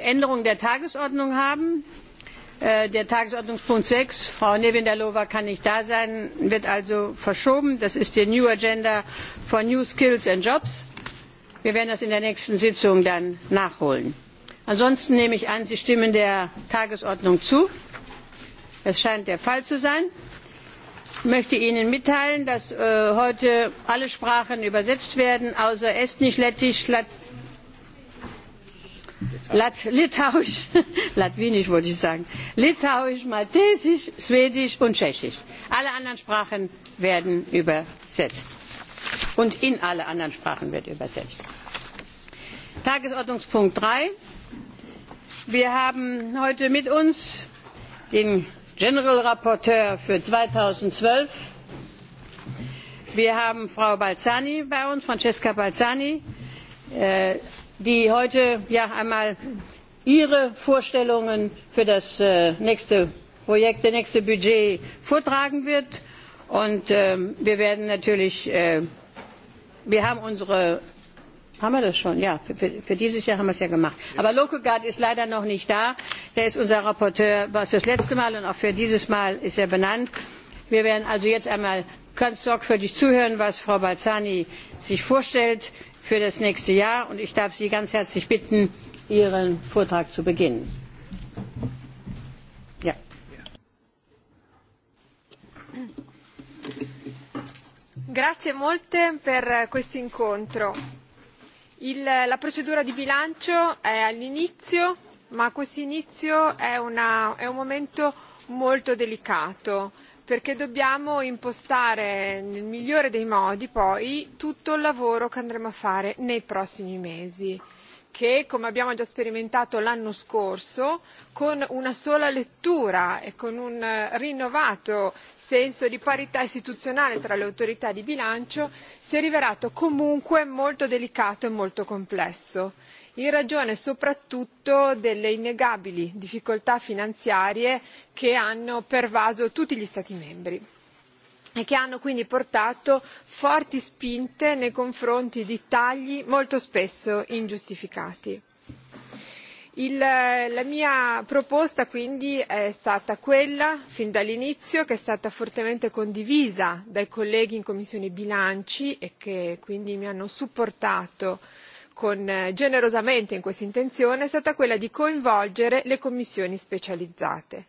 änderung der tagesordnung haben. Äh, der tagesordnungspunkt sechs frau nevealov kann nicht da sein wird also verschoben. das ist die new agenda for new skills and jobs. wir werden das in der nächsten sitzung dann nachholen. ansonsten nehme ich an sie stimmen der tagesordnung zu. das scheint der fall zu sein. ich möchte ihnen mitteilen dass äh, heute alle sprachen übersetzt werden außer estnisch lettisch Lat Litauisch, Latwinisch wollte ich sagen, Litauisch, Maltesisch, Schwedisch und Tschechisch. Alle anderen Sprachen werden übersetzt. Und in alle anderen Sprachen wird übersetzt. Tagesordnungspunkt 3. Wir haben heute mit uns den General Rapporteur für 2012. Wir haben Frau Balzani bei uns, Francesca Balzani, äh, die heute ja einmal ihre vorstellungen für das äh, nächste projekt das nächste budget vortragen wird. Und ähm, wir werden natürlich, äh, wir haben unsere, haben wir das schon? Ja, für, für, dieses Jahr haben wir es ja gemacht. Aber Lokogat ist leider noch nicht da. Der ist unser Rapporteur fürs letzte Mal und auch für dieses Mal ist er benannt. Wir werden also jetzt einmal ganz sorgfältig zuhören, was Frau Balzani sich vorstellt für das nächste Jahr. Und ich darf Sie ganz herzlich bitten, Ihren Vortrag zu beginnen. Grazie molte per questo incontro. Il, la procedura di bilancio è all'inizio, ma questo inizio è, una, è un momento molto delicato perché dobbiamo impostare nel migliore dei modi poi tutto il lavoro che andremo a fare nei prossimi mesi che come abbiamo già sperimentato l'anno scorso con una sola lettura e con un rinnovato senso di parità istituzionale tra le autorità di bilancio si è rivelato comunque molto delicato e molto complesso in ragione soprattutto delle innegabili difficoltà finanziarie che hanno pervaso tutti gli stati membri e che hanno quindi portato forti spinte nei confronti di tagli molto spesso ingiustificati. la mia proposta quindi è stata quella fin dall'inizio che è stata fortemente condivisa dai colleghi in commissione bilanci e che quindi mi hanno supportato con, eh, generosamente in questa intenzione è stata quella di coinvolgere le commissioni specializzate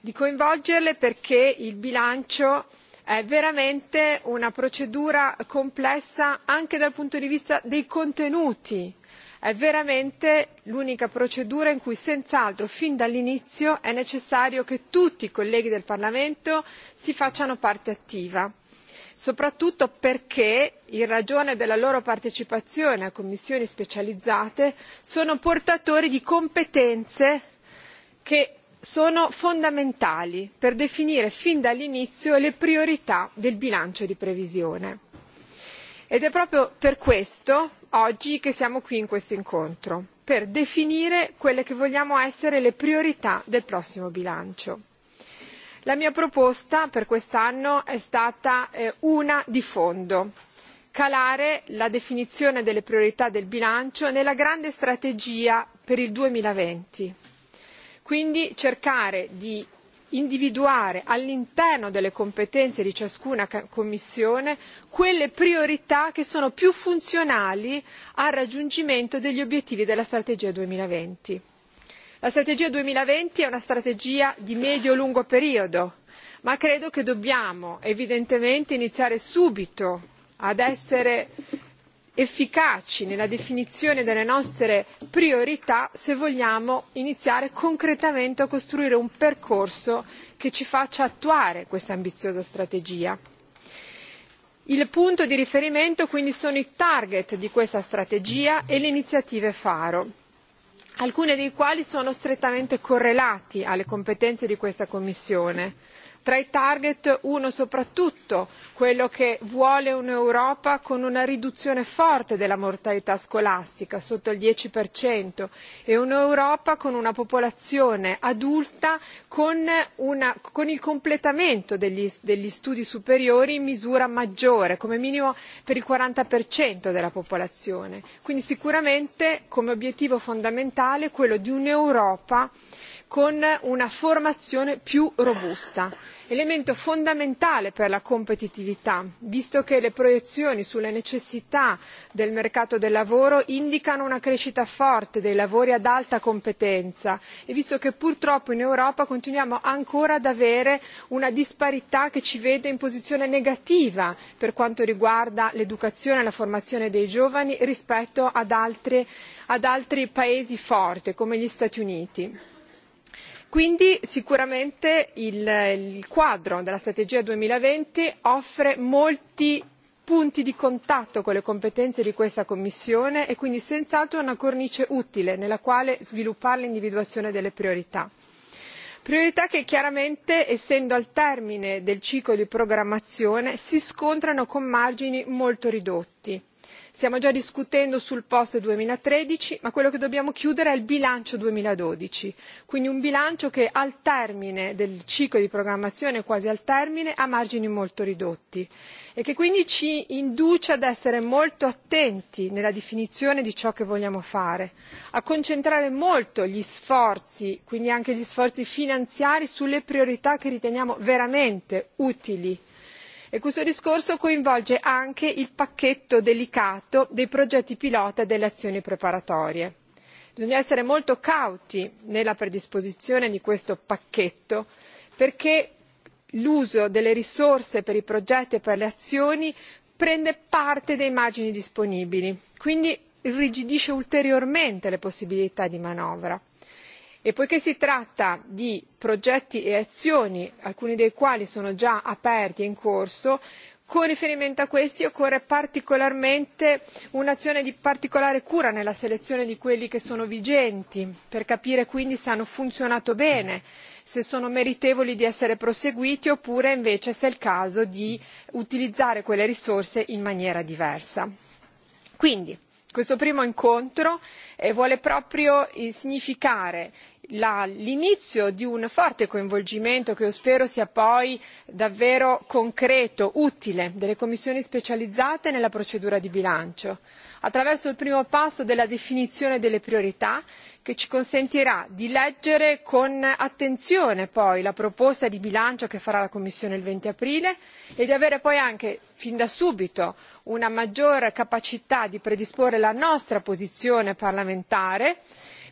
di coinvolgerle perché il bilancio è veramente una procedura complessa anche dal punto di vista dei contenuti è veramente l'unica procedura in cui senz'altro fin dall'inizio è necessario che tutti i colleghi del parlamento si facciano parte attiva soprattutto perché in ragione della loro partecipazione a commissioni specializzate sono portatori di competenze che sono fondamentali per definire fin dall'inizio le priorità del bilancio di previsione ed è proprio per questo oggi che siamo qui in questo incontro per definire quelle che vogliamo essere le priorità del prossimo bilancio la mia proposta per quest'anno è stata eh, una di fondo calare la definizione delle priorità del bilancio nella grande strategia per il duemilaventi quindi cercare di individuare all'interno delle competenze di ciascuna commissione quelle priorità che sono più funzionali al raggiungimento degli obiettivi della strategia duemilaventi la strategia duemilaventi è una strategia di medio e lungo periodo ma credo che dobbiamo evidentemente iniziare subito ad essere efficaci nella definizione delle nostre priorità se vogliamo iniziare concretamente a costruire un percorso che ci faccia attuare questa ambiziosa strategia. Il punto di riferimento quindi sono i target di questa strategia e le iniziative faro alcuni dei quali sono strettamente correlati alle competenze di questa commissione. Tra i target uno soprattutto quello che vuole un'Europa con una riduzione forte della mortalità scolastica sotto il dieci e un'Europa con una popolazione adulta con, una, con il completamento degli, degli studi superiori in misura maggiore, come minimo per il quaranta della popolazione. Quindi sicuramente come obiettivo fondamentale quello di un'Europa con una formazione più robusta elemento fondamentale per la competitività visto che le proiezioni sulle necessità del mercato del lavoro indicano una crescita forte dei lavori ad alta competenza e visto che purtroppo in europa continuiamo ancora ad avere una disparità che ci vede in posizione negativa per quanto riguarda l'educazione e la formazione dei giovani rispetto ad altri paesi forti come gli stati uniti quindi sicuramente il, quadro della strategia duemilaventi offre molti punti di contatto con le competenze di questa commissione e quindi senz'altro una cornice utile nella quale sviluppare l'individuazione delle priorità priorità che chiaramente essendo al termine del ciclo di programmazione si scontrano con margini molto ridotti stiamo già discutendo sul post duemilatredici ma quello che dobbiamo chiudere è il bilancio duemiladodici quindi un bilancio che al termine del ciclo di programmazione quasi al termine ha margini molto ridotti e che quindi ci induce ad essere molto attenti nella definizione di ciò che vogliamo fare a concentrare molto gli sforzi quindi anche gli sforzi finanziari sulle priorità che riteniamo veramente utili e questo discorso coinvolge anche il pacchetto delicato dei progetti pilota e delle azioni preparatorie. bisogna essere molto cauti nella predisposizione di questo pacchetto perché l'uso delle risorse per i progetti e per le azioni prende parte dei margini disponibili quindi irrigidisce ulteriormente le possibilità di manovra e poiché si tratta di progetti e azioni alcuni dei quali sono già aperti e in corso con riferimento a questi occorre un'azione di particolare cura nella selezione di quelli che sono vigenti per capire quindi se hanno funzionato bene se sono meritevoli di essere proseguiti oppure invece se è il caso di utilizzare quelle risorse in maniera diversa. quindi questo primo incontro eh, vuole proprio eh, significare l'inizio di un forte coinvolgimento che io spero sia poi davvero concreto utile delle commissioni specializzate nella procedura di bilancio attraverso il primo passo della definizione delle priorità che ci consentirà di leggere con attenzione poi la proposta di bilancio che farà la commissione il venti aprile e di avere poi anche fin da subito una maggior capacità di predisporre la nostra posizione parlamentare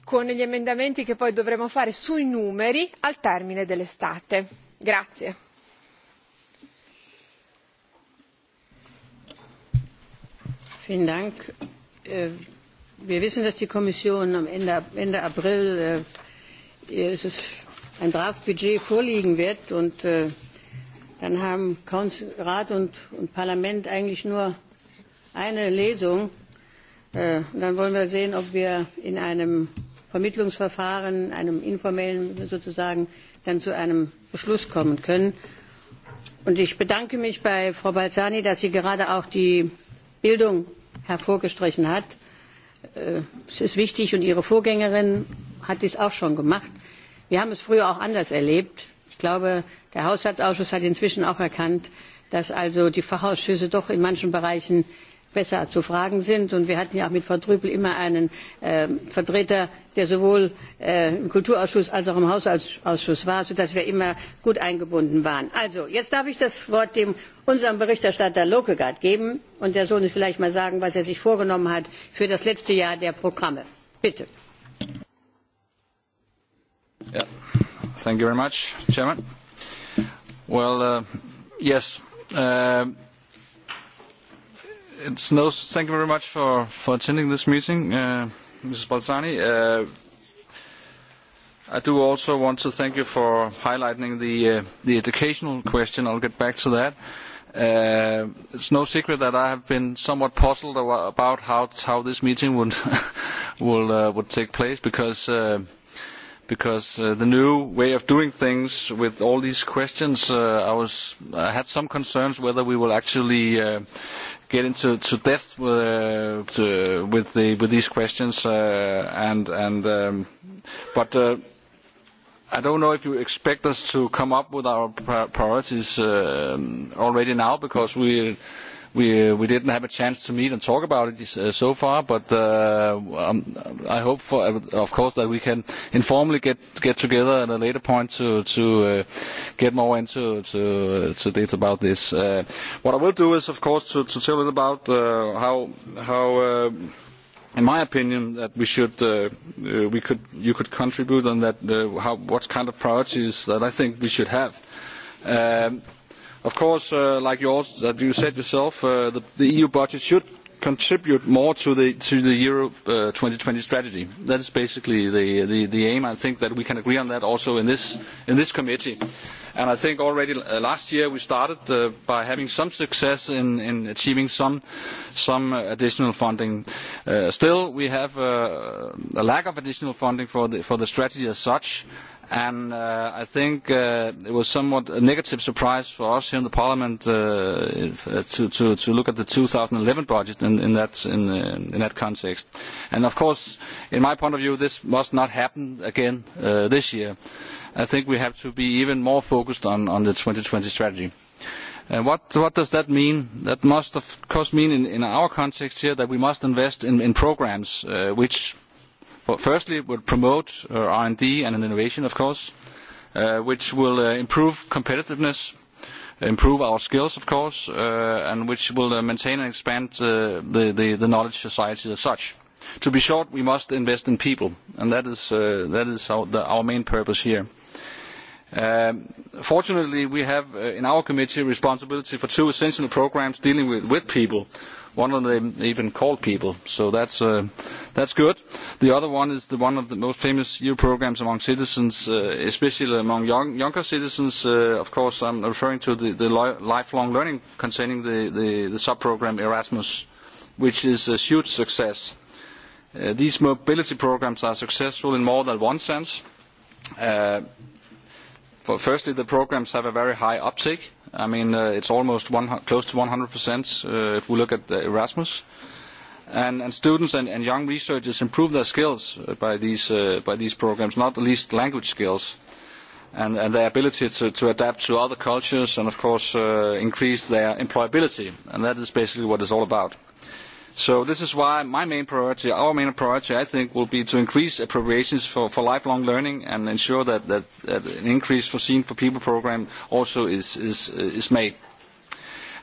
con gli emendamenti che poi dovremo fare sui numeri al termine dell'estate. Äh, wir wissen, dass die Kommission Ende, April äh, ein Draftbudget wird. Und äh, dann haben Rat und, Parlament eigentlich nur eine Lesung. dann wollen wir sehen, ob wir in einem Vermittlungsverfahren, einem informellen sozusagen, dann zu einem Beschluss kommen können. Und ich bedanke mich bei Frau Balzani, dass sie gerade auch die Bildung hervorgestrichen hat. Äh, es ist wichtig und Ihre Vorgängerin hat dies auch schon gemacht. Wir haben es früher auch anders erlebt. Ich glaube, der Haushaltsausschuss hat inzwischen auch erkannt, dass also die Fachausschüsse doch in manchen Bereichen besser zu fragen sind. Und wir hatten ja auch mit Frau Trüpel immer einen äh, Vertreter, der sowohl äh, im Kulturausschuss als auch im Haushaltsausschuss war, sodass wir immer gut eingebunden waren. Also, jetzt darf ich das Wort dem, unserem Berichterstatter Lokegaard geben. Und der Sohn ist vielleicht mal sagen, was er sich vorgenommen hat für das letzte Jahr der Programme. Bitte. Yeah. Thank you very much, Chairman. Well, uh, yes, uh, It's no, thank you very much for, for attending this meeting, uh, Mrs. Balzani. Uh, I do also want to thank you for highlighting the, uh, the educational question. I'll get back to that. Uh, it's no secret that I have been somewhat puzzled about how, how this meeting would, will, uh, would take place because uh, because uh, the new way of doing things with all these questions, uh, I, was, I had some concerns whether we will actually uh, get into to depth uh, to, with the with these questions uh, and and um, but uh, I don't know if you expect us to come up with our priorities uh, already now because we we uh, we didn't have a chance to meet and talk about it uh, so far, but uh, um, I hope, for, uh, of course, that we can informally get get together at a later point to to uh, get more into to, uh, to data about this. Uh, what I will do is, of course, to, to tell a little about uh, how how. Uh, in my opinion, that we should, uh, uh, we could, you could contribute on that. Uh, how, what kind of priorities that I think we should have. Um, Of course, uh, like yours, that you said yourself, uh, the, the EU budget should contribute more to the to the Europe uh, 2020 strategy. That is basically the, the the aim. I think that we can agree on that also in this in this committee. Uh, i think already uh, last year we started uh, by having some success in, achieving some, uh, additional funding. still, we have a, lack of additional funding for the, strategy as such, and I think it was somewhat a negative surprise for us here in the Parliament to, look at the 2011 budget in, that, in, that context. And of course, in my point of view, this must not happen again this year. I think we have to be even more focused on, the 2020 strategy. Uh, what, what does that mean? That must, of course, mean in, our context here that we must invest in, programs uh, which, firstly, will promote uh, R&D and innovation, of course, uh, which will improve competitiveness, improve our skills, of course, and which will maintain and expand the, knowledge society as such. To be short, we must invest in people, and that is, our, our main purpose here. Um, fortunately, we have uh, in our committee responsibility for two essential programmes dealing with, with people. One of them even called people, so that's, uh, that's good. The other one is the one of the most famous EU programmes among citizens, uh, especially among young, younger citizens. Uh, of course, I'm referring to the, the lifelong learning containing the, the, the sub-program Erasmus, which is a huge success. Uh, these mobility programmes are successful in more than one sense. Uh, firstly, the programs have a very high uptake. I mean, uh, it's almost one, close to 100% uh, if we look at the Erasmus. And, and students and, and young researchers improve their skills uh, by these, uh, by these programs, not least language skills, and, and their ability to, to adapt to other cultures and, of course, uh, increase their employability. And that is basically what it's all about. So this is why my main priority, our main priority, I think, will be to increase appropriations for, lifelong learning and ensure that, that, an increase foreseen for people program also is, is, is made.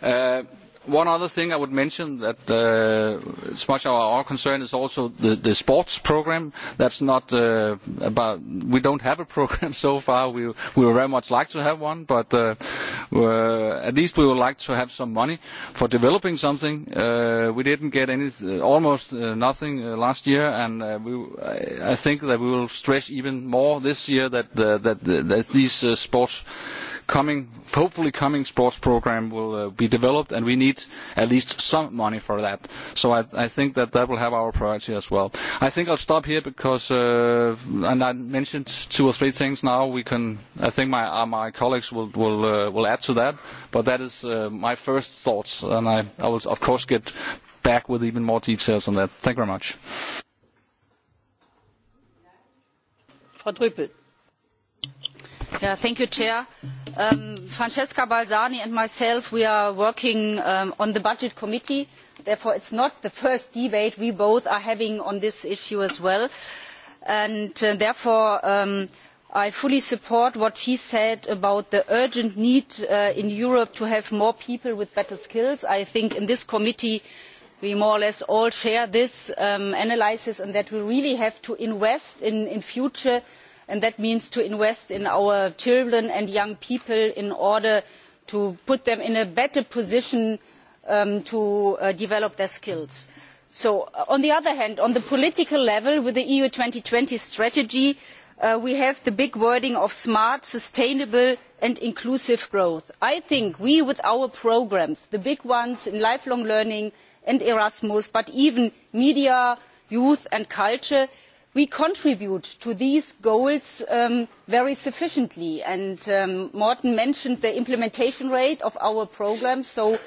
Uh, One other thing I would mention that uh, as it's much our concern is also the, sports program. That's not uh, about. We don't have a program so far. We, we would very much like to have one, but uh, at least we would like to have some money for developing something. We didn't get any, almost nothing last year, and I think that we will stress even more this year that, that, that these sports coming, hopefully coming sports program will uh, be developed, and we need at least some money for that. So I, I think that that will have our priority as well. I think I'll stop here because, uh, and I mentioned two or three things now. We can, I think my uh, my colleagues will will uh, will add to that, but that is uh, my first thoughts, and I, I will of course get back with even more details on that. Thank you very much. Frau Drüppel. Um, Francesca Balzani and myself, are working um, on the Budget Committee. Therefore, it is not the first debate we both are having on this issue as well. And uh, therefore, um, I fully support what she said about the urgent need uh, in Europe to have more people with better skills. I think in this committee, we more or less all share this analysis and that we really have to invest in, in future and that means to invest in our children and young people in order to put them in a better position um, to uh, develop their skills. So, uh, on the other hand, on the political level, with the EU 2020 strategy, uh, we have the big wording of smart, sustainable and inclusive growth. I think we, with our programs, the big ones in lifelong learning and Erasmus, but even media, youth and culture, we contribute to these goals um, very sufficiently and um, morten mentioned the implementation rate of our programme so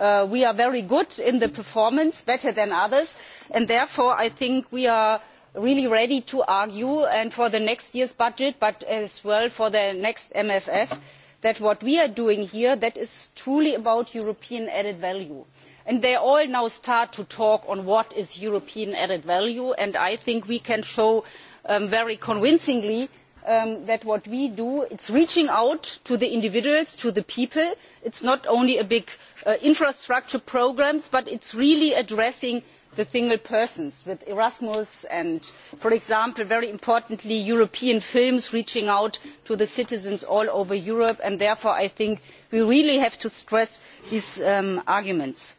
uh, we are very good in the performance better than others and therefore i think we are really ready to argue and for the next year's budget but as well for the next mff that what we are doing here that is truly about european added value and they all now start to talk on what is european added value and i think we can show um, very convincingly um, that what we do is reaching out to the individuals to the people it's not only a big uh, infrastructure programs but it's really addressing the single persons with Erasmus and, for example, very importantly, European films reaching out to the citizens all over Europe. And therefore, I think we really have to stress these um, arguments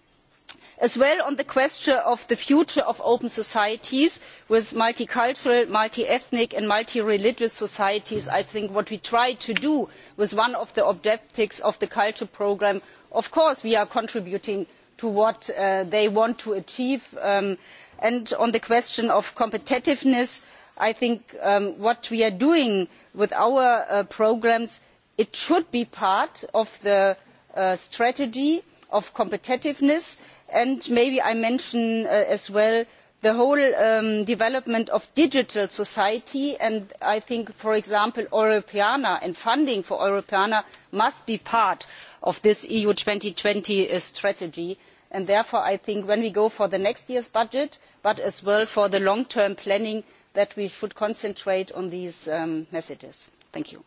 as well on the question of the future of open societies with multicultural multi ethnic and multi religious societies i think what we try to do with one of the objectives of the culture programme of course we are contributing to what uh, they want to achieve um, and on the question of competitiveness i think um, what we are doing with our uh, programmes it should be part of the uh, strategy of competitiveness and maybe i mention uh, as well the whole um, development of digital society and i think for example europeana and funding for europeana must be part of this eu two thousand and twenty uh, strategy and therefore i think when we go for the next year's budget but as well for the long term planning that we should concentrate on these um, messages. thank you.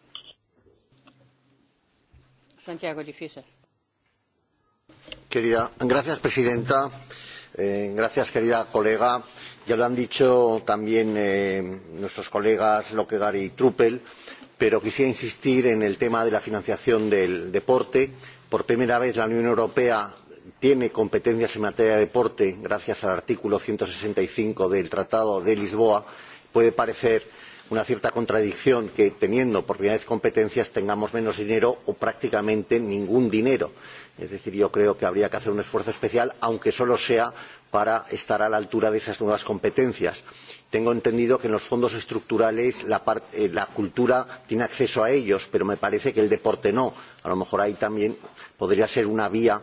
Querida, gracias, presidenta. Eh, gracias, querida colega. Ya lo han dicho también eh, nuestros colegas Loquegar y Truppel, pero quisiera insistir en el tema de la financiación del deporte. Por primera vez la Unión Europea tiene competencias en materia de deporte gracias al artículo 165 del Tratado de Lisboa. Puede parecer una cierta contradicción que teniendo por primera vez competencias tengamos menos dinero o prácticamente ningún dinero. Es decir, yo creo que habría que hacer un esfuerzo especial, aunque solo sea para estar a la altura de esas nuevas competencias. Tengo entendido que en los fondos estructurales la, parte, eh, la cultura tiene acceso a ellos, pero me parece que el deporte no. A lo mejor ahí también podría ser una vía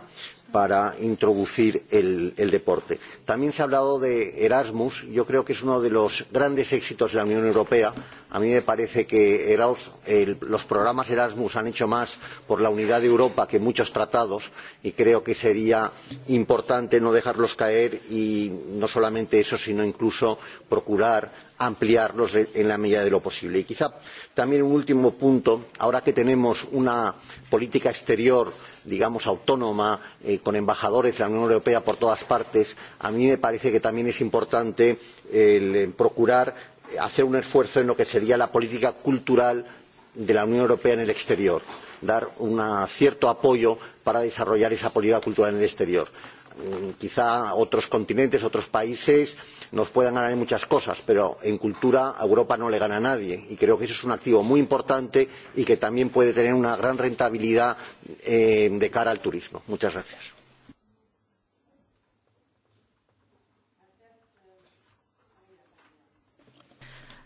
para introducir el, el deporte. También se ha hablado de Erasmus. Yo creo que es uno de los grandes éxitos de la Unión Europea. A mí me parece que Eros, el, los programas Erasmus han hecho más por la unidad de Europa que muchos tratados y creo que sería importante no dejarlos caer y no solamente eso, sino incluso procurar ampliarlos en la medida de lo posible. Y quizá también un último punto, ahora que tenemos una política exterior digamos, autónoma, eh, con embajadores de la Unión Europea por todas partes, a mí me parece que también es importante el eh, procurar hacer un esfuerzo en lo que sería la política cultural de la Unión Europea en el exterior dar un cierto apoyo para desarrollar esa política cultural en el exterior. Mm, quizá otros continentes, otros países nos puedan ganar en muchas cosas, pero en cultura a Europa no le gana a nadie. Y creo que eso es un activo muy importante y que también puede tener una gran rentabilidad eh, de cara al turismo. Muchas gracias.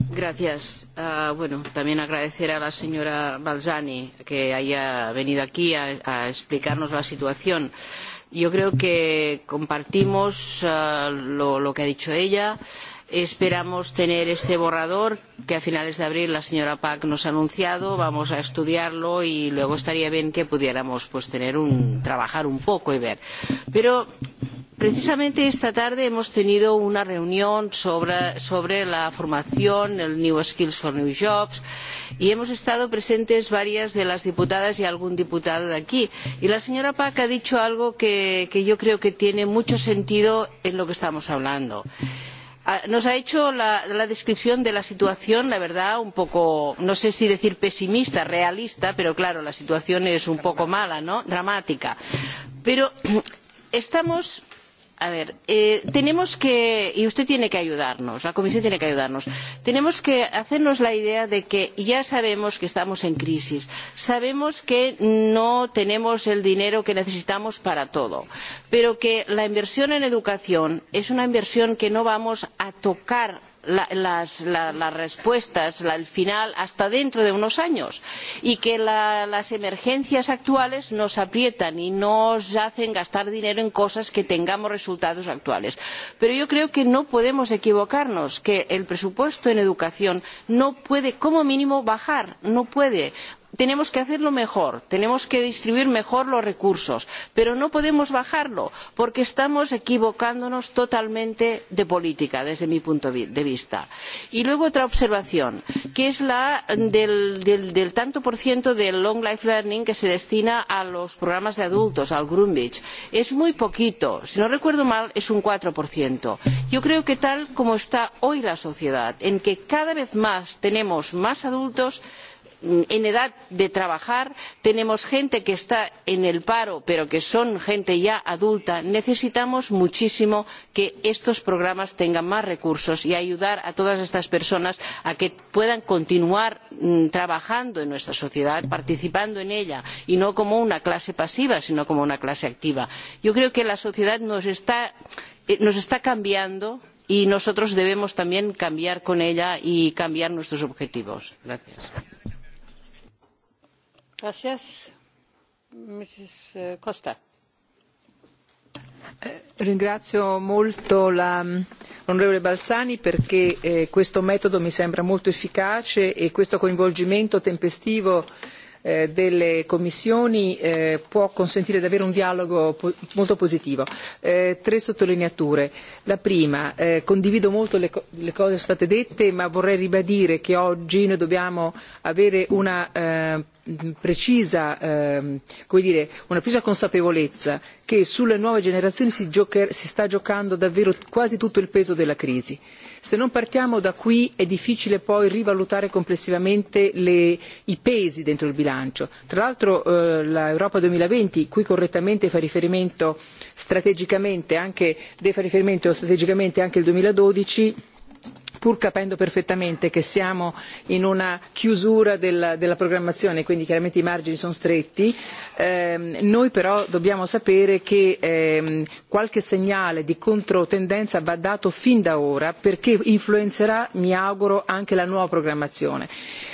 Gracias. Uh, bueno, también agradecer a la señora Balzani que haya venido aquí a, a explicarnos la situación. Uh, yo creo que compartimos uh, lo, lo que ha dicho ella. Esperamos tener este borrador que a finales de abril la señora Pack nos ha anunciado. Vamos a estudiarlo y luego estaría bien que pudiéramos pues, tener un, trabajar un poco y ver. Pero Precisamente esta tarde hemos tenido una reunión sobre, sobre la formación, el New Skills for New Jobs, y hemos estado presentes varias de las diputadas y algún diputado de aquí. Y la señora Pack ha dicho algo que, que yo creo que tiene mucho sentido en lo que estamos hablando ah, nos ha hecho la, la descripción de la situación la verdad un poco no sé si decir pesimista realista pero claro la situación es un poco mala no dramática pero estamos a ver, eh, tenemos que, y usted tiene que ayudarnos, la Comisión tiene que ayudarnos, tenemos que hacernos la idea de que ya sabemos que estamos en crisis, sabemos que no tenemos el dinero que necesitamos para todo, pero que la inversión en educación es una inversión que no vamos a tocar las, respuestas la, el final hasta dentro de unos años y que las emergencias actuales nos aprietan y nos hacen gastar dinero en cosas que tengamos resultados actuales. pero yo creo que no podemos equivocarnos que el presupuesto en educación no puede como mínimo bajar no puede tenemos que hacerlo mejor tenemos que distribuir mejor los recursos pero no podemos bajarlo porque estamos equivocándonos totalmente de política desde mi punto de vista. y luego otra observación que es la del, tanto por ciento del long life learning que se destina a los programas de adultos al grundtvig es muy poquito si no recuerdo mal es un cuatro yo creo que tal como está hoy la sociedad en que cada vez más tenemos más adultos Mm, en edad de trabajar tenemos gente que está en el paro pero que son gente ya adulta necesitamos muchísimo que estos programas tengan más recursos y ayudar a todas estas personas a que puedan continuar mm, trabajando en nuestra sociedad participando en ella y no como una clase pasiva sino como una clase activa. yo creo que la sociedad nos está, eh, nos está cambiando y nosotros debemos también cambiar con ella y cambiar nuestros objetivos. Gracias. Gracias. Mrs. Eh, eh, ringrazio molto mm, l'onorevole Balzani perché eh, questo metodo mi sembra molto efficace e questo coinvolgimento tempestivo delle commissioni può consentire davvero un dialogo molto positivo. tre sottolineature. La prima, condivido molto le, cose che sono state dette ma vorrei ribadire che oggi noi dobbiamo avere una eh, precisa ehm, come dire, una precisa consapevolezza che sulle nuove generazioni si, si sta giocando davvero quasi tutto il peso della crisi. Se non partiamo da qui è difficile poi rivalutare complessivamente le, i pesi dentro il bilancio. Tra l'altro eh, l'Europa 2020, cui correttamente fa riferimento strategicamente anche, fa riferimento strategicamente anche il 2012, pur capendo perfettamente che siamo in una chiusura del, della programmazione quindi chiaramente i margini sono stretti ehm, noi però dobbiamo sapere che ehm, qualche segnale di controtendenza va dato fin da ora perché influenzerà mi auguro anche la nuova programmazione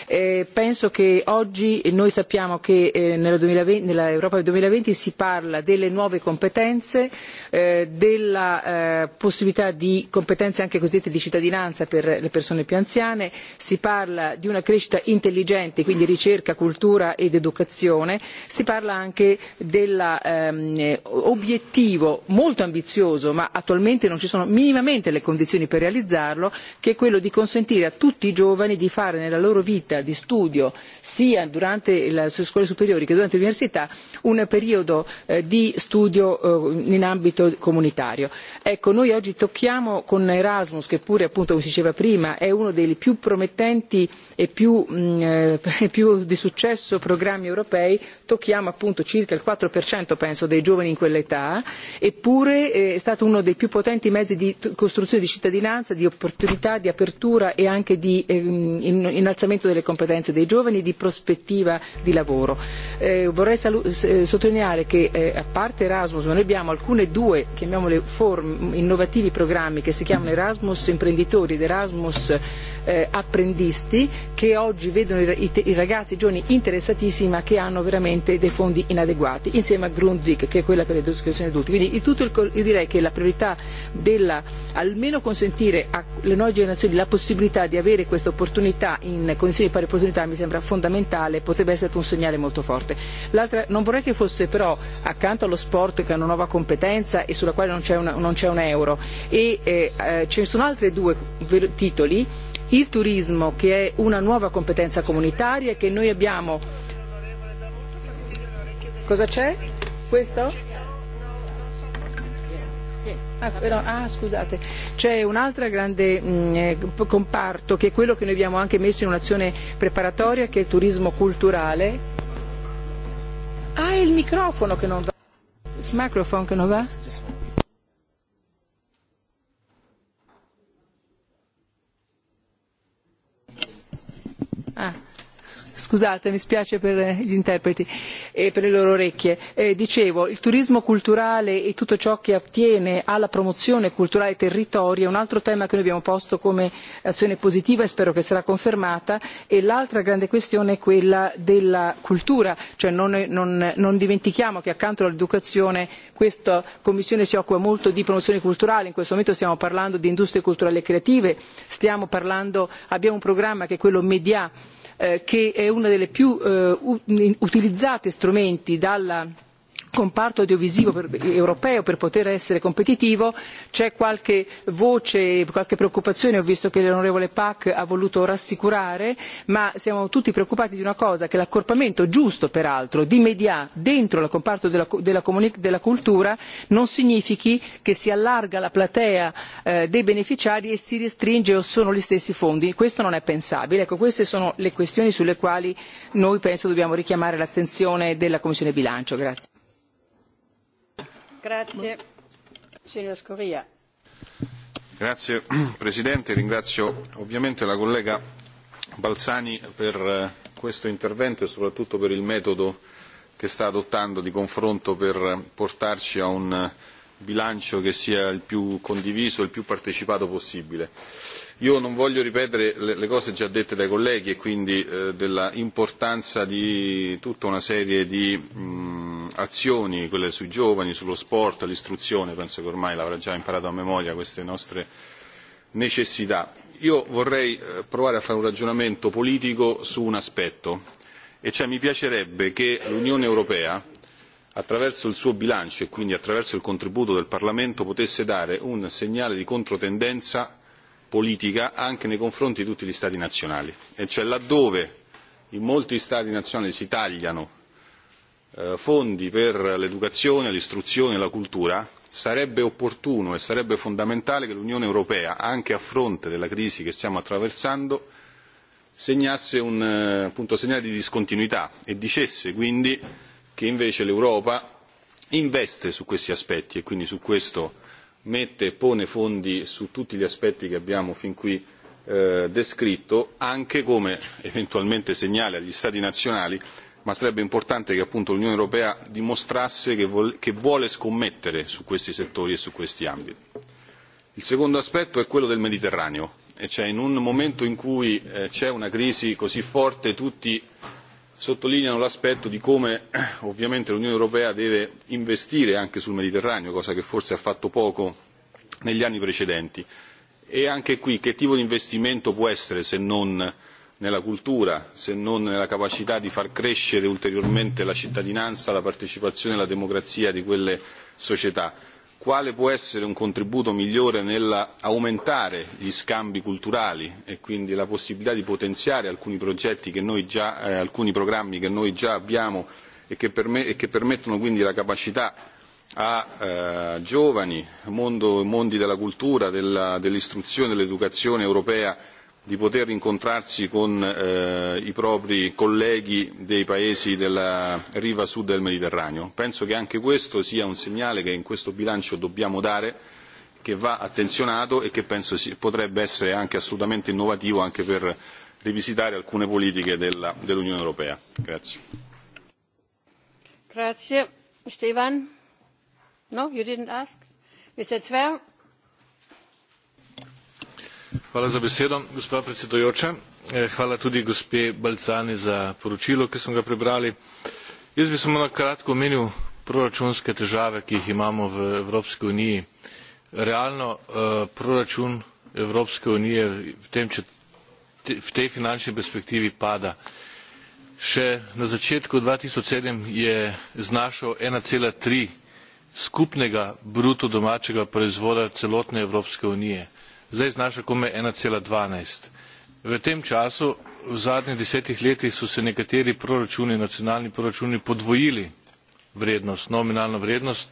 E penso che oggi noi sappiamo che eh, nell'Europa del 2020 si parla delle nuove competenze, eh, della eh, possibilità di competenze anche cosiddette di cittadinanza per le persone più anziane, si parla di una crescita intelligente, quindi ricerca, cultura ed educazione, si parla anche dell'obiettivo ehm, molto ambizioso, ma attualmente non ci sono minimamente le condizioni per realizzarlo, che è quello di consentire a tutti i giovani di fare nella loro vita possibilità di studio sia durante le scuole superiori che durante l'università un periodo eh, di studio eh, in ambito comunitario. Ecco, noi oggi tocchiamo con Erasmus, che pure appunto come si diceva prima è uno dei più promettenti e più, mh, mm, eh, e più di successo programmi europei, tocchiamo appunto circa il 4% penso dei giovani in quell'età, eppure è stato uno dei più potenti mezzi di costruzione di cittadinanza, di opportunità, di apertura e anche di ehm, innalzamento delle competenze dei giovani e di prospettiva di lavoro. Eh, vorrei eh, sottolineare che eh, a parte Erasmus noi abbiamo alcune due, chiamiamole form, innovativi programmi che si chiamano Erasmus imprenditori ed Erasmus eh, apprendisti che oggi vedono i, i, i ragazzi i giovani interessatissimi ma che hanno veramente dei fondi inadeguati insieme a Grundvik che è quella per l'educazione adulti. Quindi il tutto il, io direi che la priorità della almeno consentire alle nuove generazioni la possibilità di avere questa opportunità in condizioni pari opportunità mi sembra fondamentale e potrebbe essere un segnale molto forte. L'altra, non vorrei che fosse però accanto allo sport che è una nuova competenza e sulla quale non c'è, una, non c'è un euro e eh, eh, ce ne sono altri due titoli il turismo che è una nuova competenza comunitaria che noi abbiamo cosa c'è? questo? Ah, però, ah, scusate, c'è un altro grande mh, mm, eh, comparto che è quello che noi abbiamo anche messo in un'azione preparatoria che è il turismo culturale. Ah, è il microfono che non va. Il microfono che non va? Ah scusate mi spiace per gli interpreti e per le loro orecchie eh, dicevo il turismo culturale e tutto ciò che attiene alla promozione culturale del territorio è un altro tema che noi abbiamo posto come azione positiva e spero che sarà confermata e l'altra grande questione è quella della cultura cioè non, non, non dimentichiamo che accanto all'educazione questa commissione si occupa molto di promozione culturale in questo momento stiamo parlando di industrie culturali e creative stiamo parlando abbiamo un programma che è quello media Eh, che è uno dei più eh, utilizzati strumenti dalla comparto audiovisivo europeo per poter essere competitivo c'è qualche voce qualche preoccupazione ho visto che l'onorevole pack ha voluto rassicurare ma siamo tutti preoccupati di una cosa che l'accorpamento giusto peraltro di media dentro il comparto della, della, della cultura non significhi che si allarga la platea eh, dei beneficiari e si restringe o sono gli stessi fondi questo non è pensabile ecco queste sono le questioni sulle quali noi penso dobbiamo richiamare l'attenzione della commissione bilancio grazie signora Presidente, ringrazio ovviamente la collega Balzani per eh, questo intervento e soprattutto per il metodo che sta adottando di confronto per portarci a un bilancio che sia il più condiviso e il più partecipato possibile io non voglio ripetere le cose già dette dai colleghi e quindi eh, dell'importanza di tutta una serie di azioni quelle sui giovani sullo sport l'istruzione penso che ormai l'avrà già imparato a memoria queste nostre necessità. io vorrei eh, provare a fare un ragionamento politico su un aspetto e cioè mi piacerebbe che l'unione europea attraverso il suo bilancio e quindi attraverso il contributo del parlamento potesse dare un segnale di controtendenza politica anche nei confronti di tutti gli Stati nazionali, e cioè laddove in molti Stati nazionali si tagliano eh, fondi per l'educazione, l'istruzione e la cultura, sarebbe opportuno e sarebbe fondamentale che l'Unione Europea, anche a fronte della crisi che stiamo attraversando, segnasse un eh, appunto, segnale di discontinuità e dicesse quindi che invece l'Europa investe su questi aspetti e quindi su questo mette e pone fondi su tutti gli aspetti che abbiamo fin qui eh, descritto, anche come eventualmente segnale agli Stati nazionali, ma sarebbe importante che appunto l'Unione Europea dimostrasse che, vol- che vuole scommettere su questi settori e su questi ambiti. Il secondo aspetto è quello del Mediterraneo, e cioè in un momento in cui eh, c'è una crisi così forte tutti sottolineano l'aspetto di come ovviamente l'unione europea deve investire anche sul mediterraneo cosa che forse ha fatto poco negli anni precedenti e anche qui che tipo di investimento può essere se non nella cultura se non nella capacità di far crescere ulteriormente la cittadinanza la partecipazione e la democrazia di quelle società? quale può essere un contributo migliore nell'aumentare gli scambi culturali e quindi la possibilità di potenziare alcuni progetti che noi già, eh, alcuni programmi che noi già abbiamo e che, perme- e che permettono quindi la capacità a eh, giovani, mondo, mondi della cultura, della, dell'istruzione, dell'educazione europea di poter incontrarsi con eh, i propri colleghi dei paesi della riva sud del Mediterraneo. Penso che anche questo sia un segnale che in questo bilancio dobbiamo dare che va attenzionato e che penso si, potrebbe essere anche assolutamente innovativo anche per rivisitare alcune politiche della, dell'Unione Europea. Grazie. Grazie. Mr. No, you didn't ask? Mr. Zwer? Hvala za besedo, gospa predsedujoča. Eh, hvala tudi gospe Balcani za poročilo, ki smo ga prebrali. Jaz bi samo na kratko omenil proračunske težave, ki jih imamo v Evropski uniji. Realno eh, proračun Evropske unije v, tem, v tej finančni perspektivi pada. Še na začetku 2007 je znašal 1,3 skupnega bruto domačega proizvoda celotne Evropske unije zdaj znaša komaj 1,12. V tem času, v zadnjih desetih letih, so se nekateri proračuni, nacionalni proračuni podvojili vrednost, nominalno vrednost,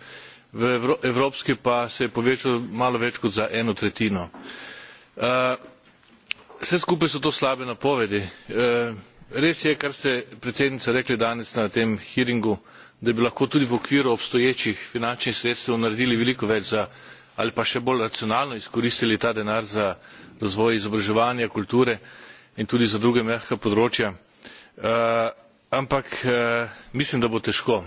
v evropski pa se je povečal malo več kot za eno tretjino. Eh, vse skupaj so to slabe napovedi. Eh, res je, kar ste predsednica rekli danes na tem hearingu, da bi lahko tudi v okviru obstoječih finančnih sredstev naredili veliko več za ali pa še bolj racionalno izkoristili ta denar za razvoj izobraževanja, kulture in tudi za druga mehka področja. Uh, ampak uh, mislim, da bo težko.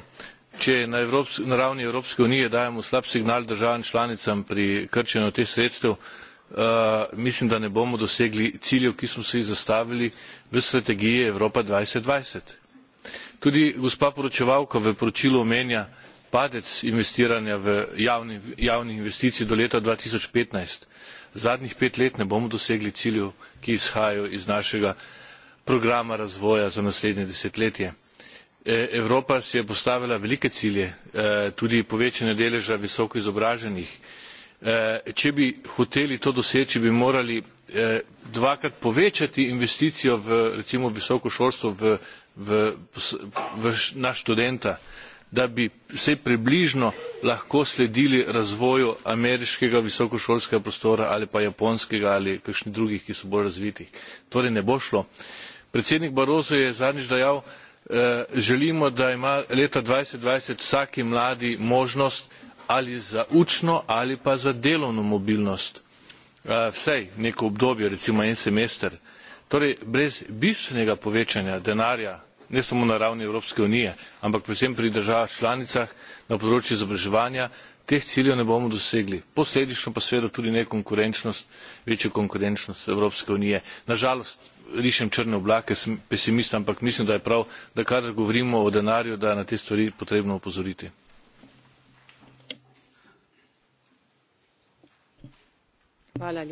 Če na, Evrops na ravni Evropske unije dajemo slab signal državam članicam pri krčenju teh sredstev, uh, mislim, da ne bomo dosegli ciljev, ki smo si jih zastavili v strategiji Evropa 2020. Tudi gospa poročevalka v poročilu omenja padec investiranja v javni, javnih investicij do leta dva tisoč petnajst zadnjih pet let ne bomo dosegli ciljev ki izhajajo iz našega programa razvoja za naslednje desetletje. E, evropa si je postavila velike cilje e, tudi povečanje deleža visoko izobraženih. E, če bi hoteli to doseči bi morali dvakrat povečati investicijo v recimo visoko šolstvo v, v, v na študenta da bi vsaj približno lahko sledili razvoju ameriškega visokošolskega prostora ali pa japonskega ali kakšnih drugih ki so bolj razviti. torej ne bo šlo. predsednik barroso je zadnjič dejal eh, želimo da ima leta dva tisoč dvajset vsak mladi možnost ali za učno ali pa za delovno mobilnost eh, vsaj neko obdobje recimo en semester. torej brez bistvenega povečanja denarja ne samo na ravni evropske unije ampak predvsem pri državah članicah na področju izobraževanja teh ciljev ne bomo dosegli posledično pa seveda tudi nekonkurenčnost večjo konkurenčnost evropske unije. na žalost rišem črne oblake sem pesimist ampak mislim da je prav da kadar govorimo o denarju da je na te stvari potrebno opozoriti. Hvala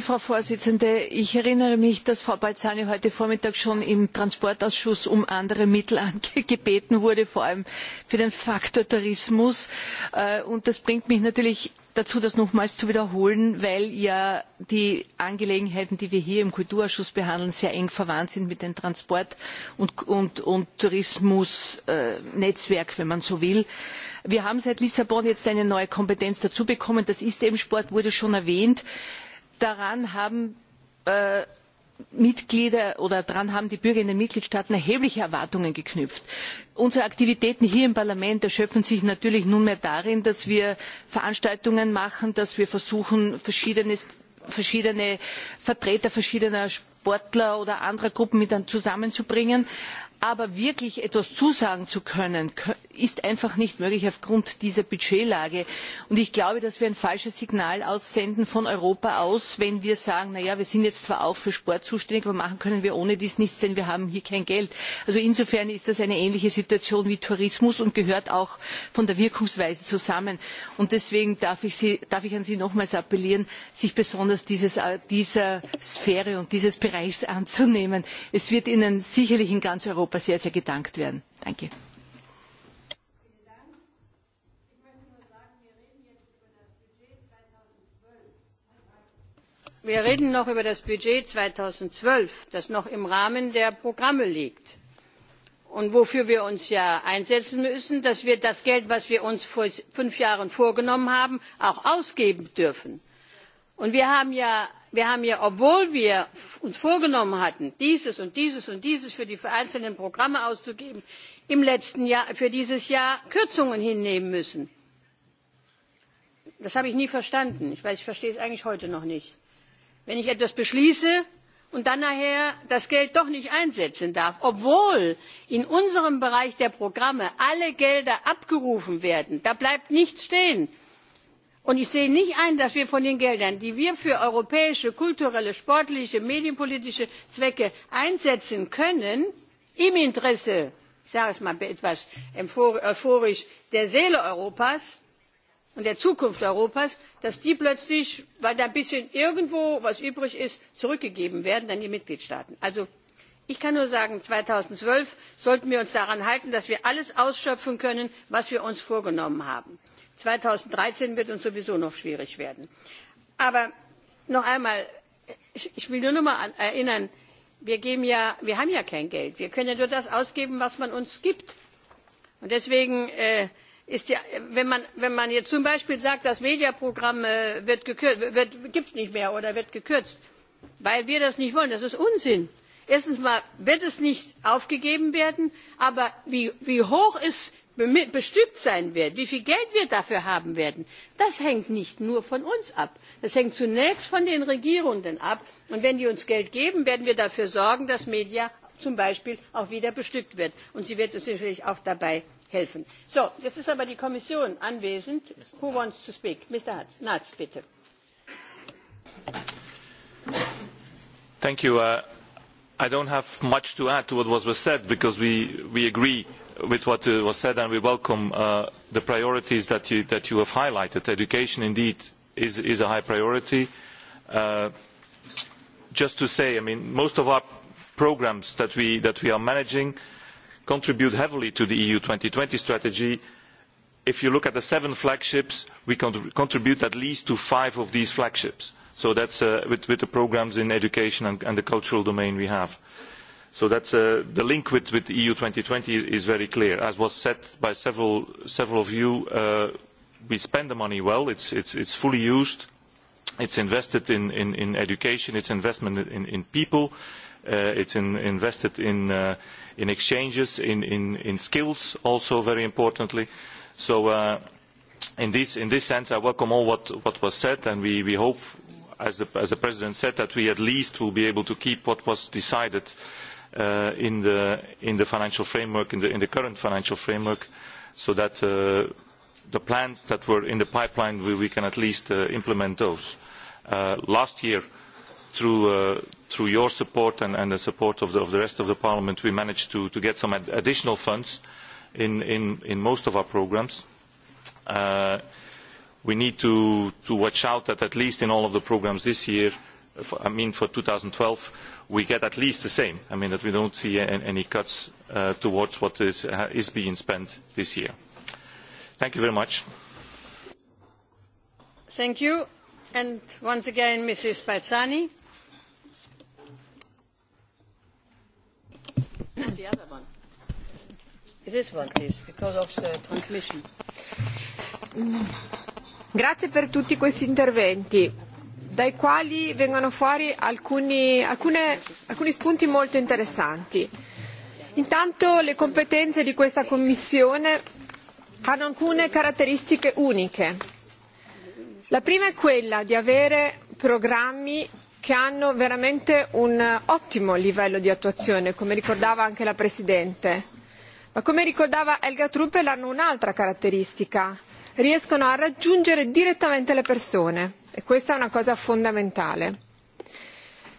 frau präsidentin! ich erinnere mich dass frau balzani heute vormittag schon im verkehrsausschuss um andere mittel gebeten wurde vor allem für den faktor tourismus. Äh, das bringt mich natürlich dazu das nochmals zu wiederholen weil ja die angelegenheiten die wir hier im kulturausschuss behandeln sehr eng verwandt sind mit dem transport und tourismusnetzwerk wenn man so will. wir haben seit lissabon jetzt eine neue kompetenz dazu bekommen das ist eben sport wurde schon erwähnt daran haben äh, mitglieder oder haben die bürger in den mitgliedstaaten erhebliche erwartungen geknüpft. unsere aktivitäten hier im parlament erschöpfen sich natürlich nunmehr darin dass wir veranstaltungen machen dass wir versuchen verschiedene vertreter verschiedener sportler oder anderer gruppen zusammenzubringen aber wirklich etwas zusagen zu können ist einfach nicht möglich aufgrund dieser budgetlage. ich glaube dass wir ein falsches signal aussenden von europa aus wenn wir sagen na ja wir sind jetzt zwar auch für sport zuständig aber machen können wir ohne dies nichts denn wir haben hier kein geld. also insofern ist das eine ähnliche situation wie tourismus und gehört auch von der wirkungsweise zusammen. deswegen darf ich, an sie nochmals appellieren sich besonders äh, dieser sphäre und dieses bereichs anzunehmen. es wird ihnen sicherlich in ganz europa Europa sehr, sehr gedankt werden. Danke. wir reden noch über das budget zweitausendzwölf das noch im rahmen der programme liegt und wofür wir uns ja einsetzen müssen dass wir das geld das wir uns vor fünf jahren vorgenommen haben auch ausgeben dürfen und wir haben ja, obwohl wir uns vorgenommen hatten dieses und dieses und dieses für die einzelnen programme auszugeben im letzten jahr für dieses jahr kürzungen hinnehmen müssen. das habe ich nie verstanden. ich verstehe es eigentlich heute noch nicht. wenn ich etwas beschließe und dann nachher das geld doch nicht einsetzen darf obwohl in unserem bereich der programme alle gelder abgerufen werden da bleibt nichts stehen und ich sehe nicht ein dass wir von den geldern die wir für europäische kulturelle sportliche medienpolitische zwecke einsetzen können im interesse ich sage es mal etwas euphorisch der seele europas und der zukunft europas dass die plötzlich weil da ein bisschen irgendwo was übrig ist zurückgegeben werden an die mitgliedstaaten. also ich kann nur sagen zweitausendzwölf sollten wir uns daran halten dass wir alles ausschöpfen können was wir uns vorgenommen haben zweitausenddreizehn wird uns sowieso noch schwierig werden. aber noch einmal ich will nur noch mal erinnern wir, haben ja kein geld wir können ja nur das ausgeben was man uns gibt. und deswegen äh, ist ja, wenn, man, jetzt zum beispiel sagt das media programm äh, gibt es nicht mehr oder wird gekürzt weil wir das nicht wollen das ist unsinn. erstens wird es nicht aufgegeben werden aber wie, hoch es bestückt sein werden wie viel geld wir dafür haben werden das hängt nicht nur von uns ab das hängt zunächst von den regierungen ab und wenn die uns geld geben werden wir dafür sorgen dass media zum beispiel auch wieder bestückt wird und sie wird uns sicherlich auch dabei helfen. So, jetzt ist aber die kommission anwesend. who wants to speak? mr nuts bitte. thank you. Uh, i don't have much to add to what was said because we, agree with what uh, was said, and we welcome uh, the priorities that you, that you have highlighted. Education, indeed, is, is a high priority. Uh, just to say, I mean, most of our programs that we, that we are managing contribute heavily to the EU 2020 strategy. If you look at the seven flagships, we cont contribute at least to five of these flagships. So that's uh, with, with the programs in education and, and the cultural domain we have. Uh, so that uh, the link with, eu two thousand and twenty is very clear. As was said by several, of you, uh, we spend the money well, it is fully used, it is invested in, education, it is uh, invested in people, it is invested in, exchanges, in, skills also very importantly. So in, this, sense I welcome all that was said and we, hope, as the, President said, that we at least will be able to keep what was decided uh, Uh, in, the, financial framework, in the, current financial framework, so that uh, the plans that were in the pipeline, we, can at least uh, implement those. last year, through, your support and, the support of the, rest of the Parliament, we managed to, get some additional funds in, most of our programmes. we need to, watch out that at least in all of the programmes this year, I mean for twelve we get at least the same. I mean, that we don't see any cuts uh, towards what uh, is, being spent this year. Thank you very much. Thank you. And once again, Mrs. Pazzani. the other one. This one, please, because of the transmission. Grazie per tutti questi interventi dai quali vengono fuori alcuni, alcune, alcuni spunti molto interessanti. Intanto le competenze di questa Commissione hanno alcune caratteristiche uniche. La prima è quella di avere programmi che hanno veramente un ottimo livello di attuazione, come ricordava anche la Presidente. Ma come ricordava Helga Truppel hanno un'altra caratteristica, riescono a raggiungere direttamente le persone e questa è una cosa fondamentale.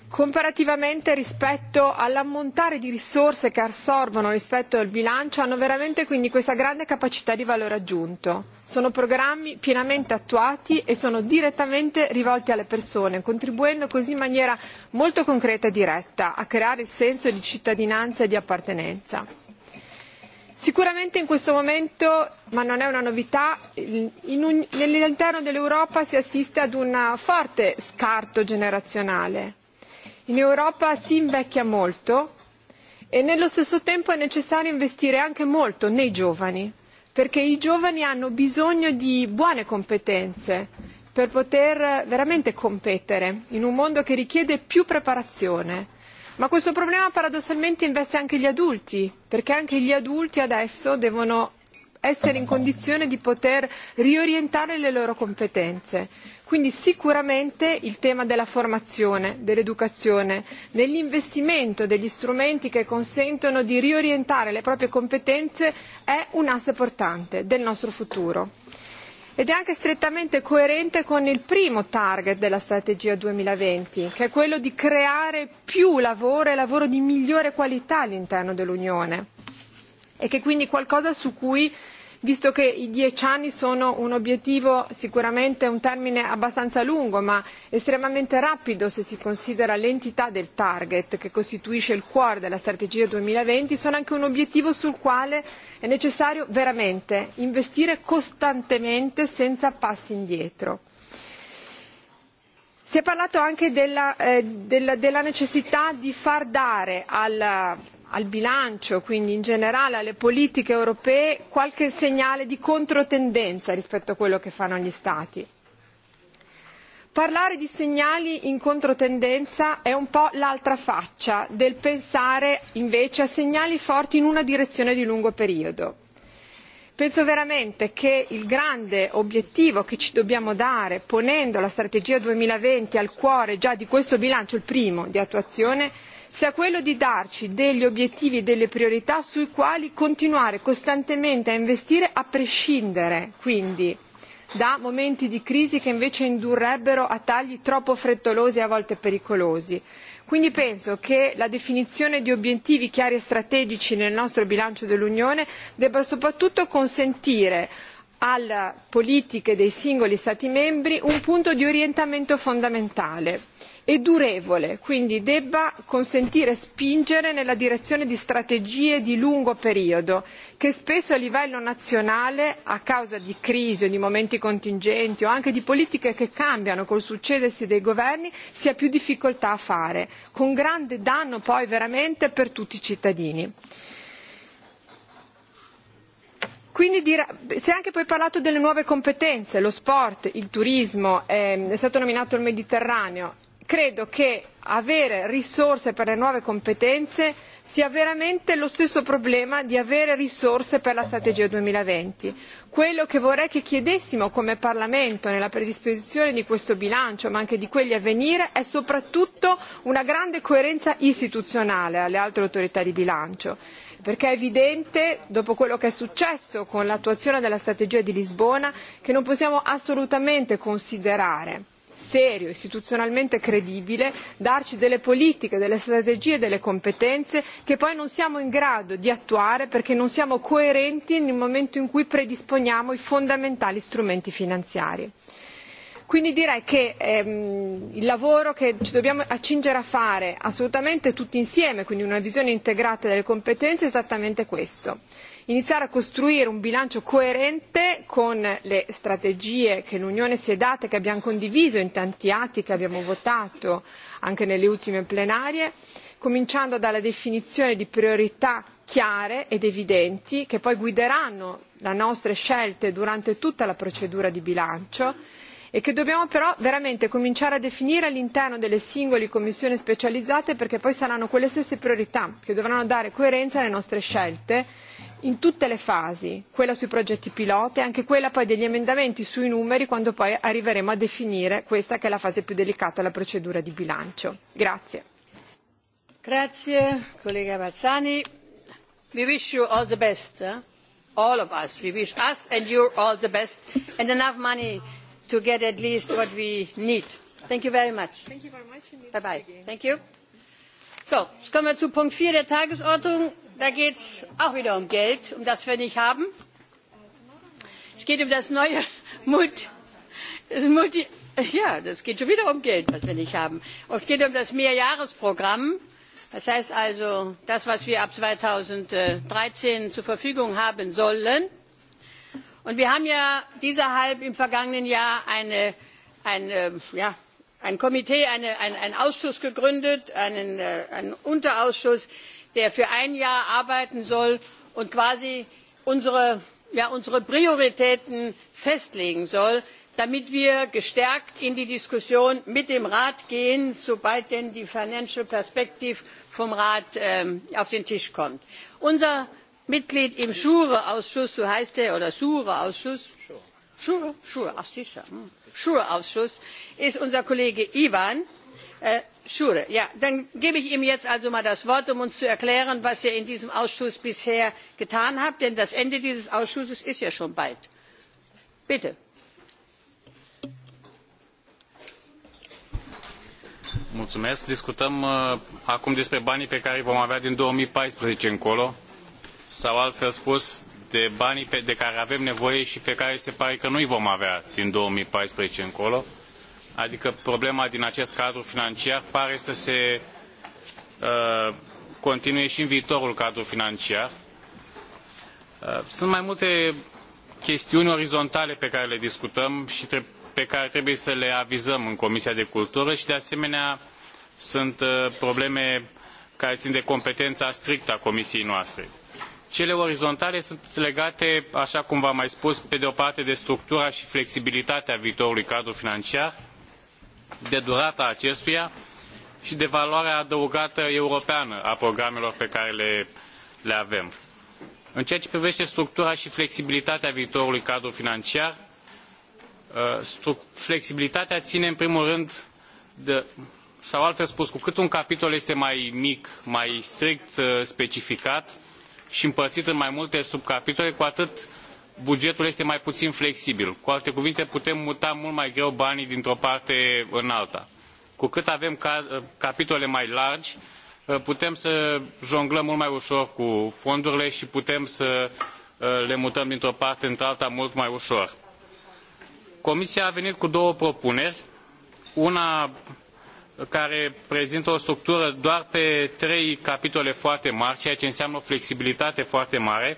Comparativamente rispetto all'ammontare di risorse che assorbono rispetto al bilancio hanno veramente quindi questa grande capacità di valore aggiunto. Sono programmi pienamente attuati e sono direttamente rivolti alle persone, contribuendo così in maniera molto concreta e diretta a creare il senso di cittadinanza e di appartenenza Sicuramente in questo momento, ma non è una novità, un, nell'interno dell'Europa si assiste ad un forte scarto generazionale. In Europa si invecchia molto e nello stesso tempo è necessario investire anche molto nei giovani, perché i giovani hanno bisogno di buone competenze per poter veramente competere in un mondo che richiede più preparazione Ma questo problema paradossalmente investe anche gli adulti, perché anche gli adulti adesso devono essere in condizione di poter riorientare le loro competenze. Quindi sicuramente il tema della formazione, dell'educazione, dell'investimento degli strumenti che consentono di riorientare le proprie competenze è un asse portante del nostro futuro ed è anche strettamente coerente con il primo target della strategia 2020, che è quello di creare più lavoro e lavoro di migliore qualità all'interno dell'Unione e che è quindi qualcosa su cui visto che i dieci anni sono un obiettivo sicuramente un termine abbastanza lungo ma estremamente rapido se si considera l'entità del target che costituisce il cuore della strategia duemilaventi sono anche un obiettivo sul quale è necessario veramente investire costantemente senza passi indietro. Si è parlato anche della, eh, della, della necessità di far dare alla al bilancio, quindi in generale alle politiche europee, qualche segnale di controtendenza rispetto a quello che fanno gli Stati. Parlare di segnali in controtendenza è un po' l'altra faccia del pensare invece a segnali forti in una direzione di lungo periodo. Penso veramente che il grande obiettivo che ci dobbiamo dare, ponendo la strategia 2020 al cuore già di questo bilancio, il primo di attuazione, sia quello di darci degli obiettivi e delle priorità sui quali continuare costantemente a investire a prescindere quindi da momenti di crisi che invece indurrebbero a tagli troppo frettolosi e a volte pericolosi. quindi penso che la definizione di obiettivi chiari e strategici nel nostro bilancio dell'unione debba soprattutto consentire alle politiche dei singoli stati membri un punto di orientamento fondamentale e durevole, quindi debba consentire spingere nella direzione di strategie di lungo periodo che spesso a livello nazionale, a causa di crisi o di momenti contingenti o anche di politiche che cambiano col succedersi dei governi, si ha più difficoltà a fare, con grande danno poi veramente per tutti i cittadini. Quindi dire, si è anche poi parlato delle nuove competenze, lo sport, il turismo, ehm, è stato nominato il Mediterraneo credo che avere risorse per le nuove competenze sia veramente lo stesso problema di avere risorse per la strategia. duemilaventi quello che vorrei che chiedessimo come parlamento nella predisposizione di questo bilancio ma anche di quelli a venire è soprattutto una grande coerenza istituzionale alle altre autorità di bilancio perché è evidente dopo quello che è successo con l'attuazione della strategia di lisbona che non possiamo assolutamente considerare serio, istituzionalmente credibile, darci delle politiche, delle strategie, delle competenze che poi non siamo in grado di attuare perché non siamo coerenti nel momento in cui predisponiamo i fondamentali strumenti finanziari quindi direi che ehm, il lavoro che ci dobbiamo accingere a fare assolutamente tutti insieme quindi una visione integrata delle competenze è esattamente questo iniziare a costruire un bilancio coerente con le strategie che l'Unione si è data, e che abbiamo condiviso in tanti atti che abbiamo votato anche nelle ultime plenarie, cominciando dalla definizione di priorità chiare ed evidenti che poi guideranno le nostre scelte durante tutta la procedura di bilancio e che dobbiamo però veramente cominciare a definire all'interno delle singole commissioni specializzate perché poi saranno quelle stesse priorità che dovranno dare coerenza alle nostre scelte in tutte le fasi, quella sui progetti pilota e anche quella poi degli emendamenti sui numeri quando poi arriveremo a definire questa che è la fase più delicata, la procedura di bilancio. Grazie. collega We wish you all the best, eh? all of us. We wish us and you all the best and enough money to get at least what we need. Thank you very much. Thank you very much. Bye bye. Thank you. So, jetzt kommen wir zu Punkt der Tagesordnung Da geht es auch wieder um Geld, um das wir nicht haben. Es geht um das neue Mut. Das Multi ja, das geht schon wieder um Geld, was wir nicht haben. Und es geht um das Mehrjahresprogramm. Das heißt also, das, was wir ab 2013 zur Verfügung haben sollen. Und wir haben ja deshalb im vergangenen Jahr eine, eine, ähm, ja, ein Komitee, eine, ein, einen Ausschuss gegründet, einen, äh, einen Unterausschuss, der für ein jahr arbeiten soll und quasi unsere, prioritäten festlegen soll damit wir gestärkt in die diskussion mit dem rat gehen sobald denn die finanzielle perspektive vom rat ähm, auf den tisch kommt. unser mitglied im sure ausschuss so heißt er oder sure ausschuss sure, sure, ach sicher, hm. sure ausschuss ist unser kollege ivan. Äh, Schule, dann gebe ich ihm jetzt also mal das Wort, um uns zu erklären, was ihr in diesem Ausschuss bisher getan habt, denn das Ende dieses Ausschusses ist ja schon bald. Discutăm uh, acum despre banii pe care îi vom avea din paisprezece încolo, sau altfel spus, de banii de care avem nevoie și pe care se pare că nu îi vom avea din paisprezece încolo. Adică problema din acest cadru financiar pare să se uh, continue și în viitorul cadru financiar. Uh, sunt mai multe chestiuni orizontale pe care le discutăm și pe care trebuie să le avizăm în Comisia de Cultură și de asemenea sunt uh, probleme care țin de competența strictă a comisiei noastre. Cele orizontale sunt legate, așa cum v-am mai spus, pe de o parte de structura și flexibilitatea viitorului cadru financiar, de durata acestuia și de valoarea adăugată europeană a programelor pe care le, le avem. În ceea ce privește structura și flexibilitatea viitorului cadru financiar, uh, flexibilitatea ține în primul rând de, sau altfel spus, cu cât un capitol este mai mic, mai strict uh, specificat și împărțit în mai multe subcapitole, cu atât bugetul este mai puțin flexibil. Cu alte cuvinte, putem muta mult mai greu banii dintr-o parte în alta. Cu cât avem ca, uh, capitole mai largi, uh, putem să jonglăm mult mai ușor cu fondurile și putem să uh, le mutăm dintr-o parte într-alta mult mai ușor. Comisia a venit cu două propuneri, una care prezintă o structură doar pe trei capitole foarte mari, ceea ce înseamnă o flexibilitate foarte mare,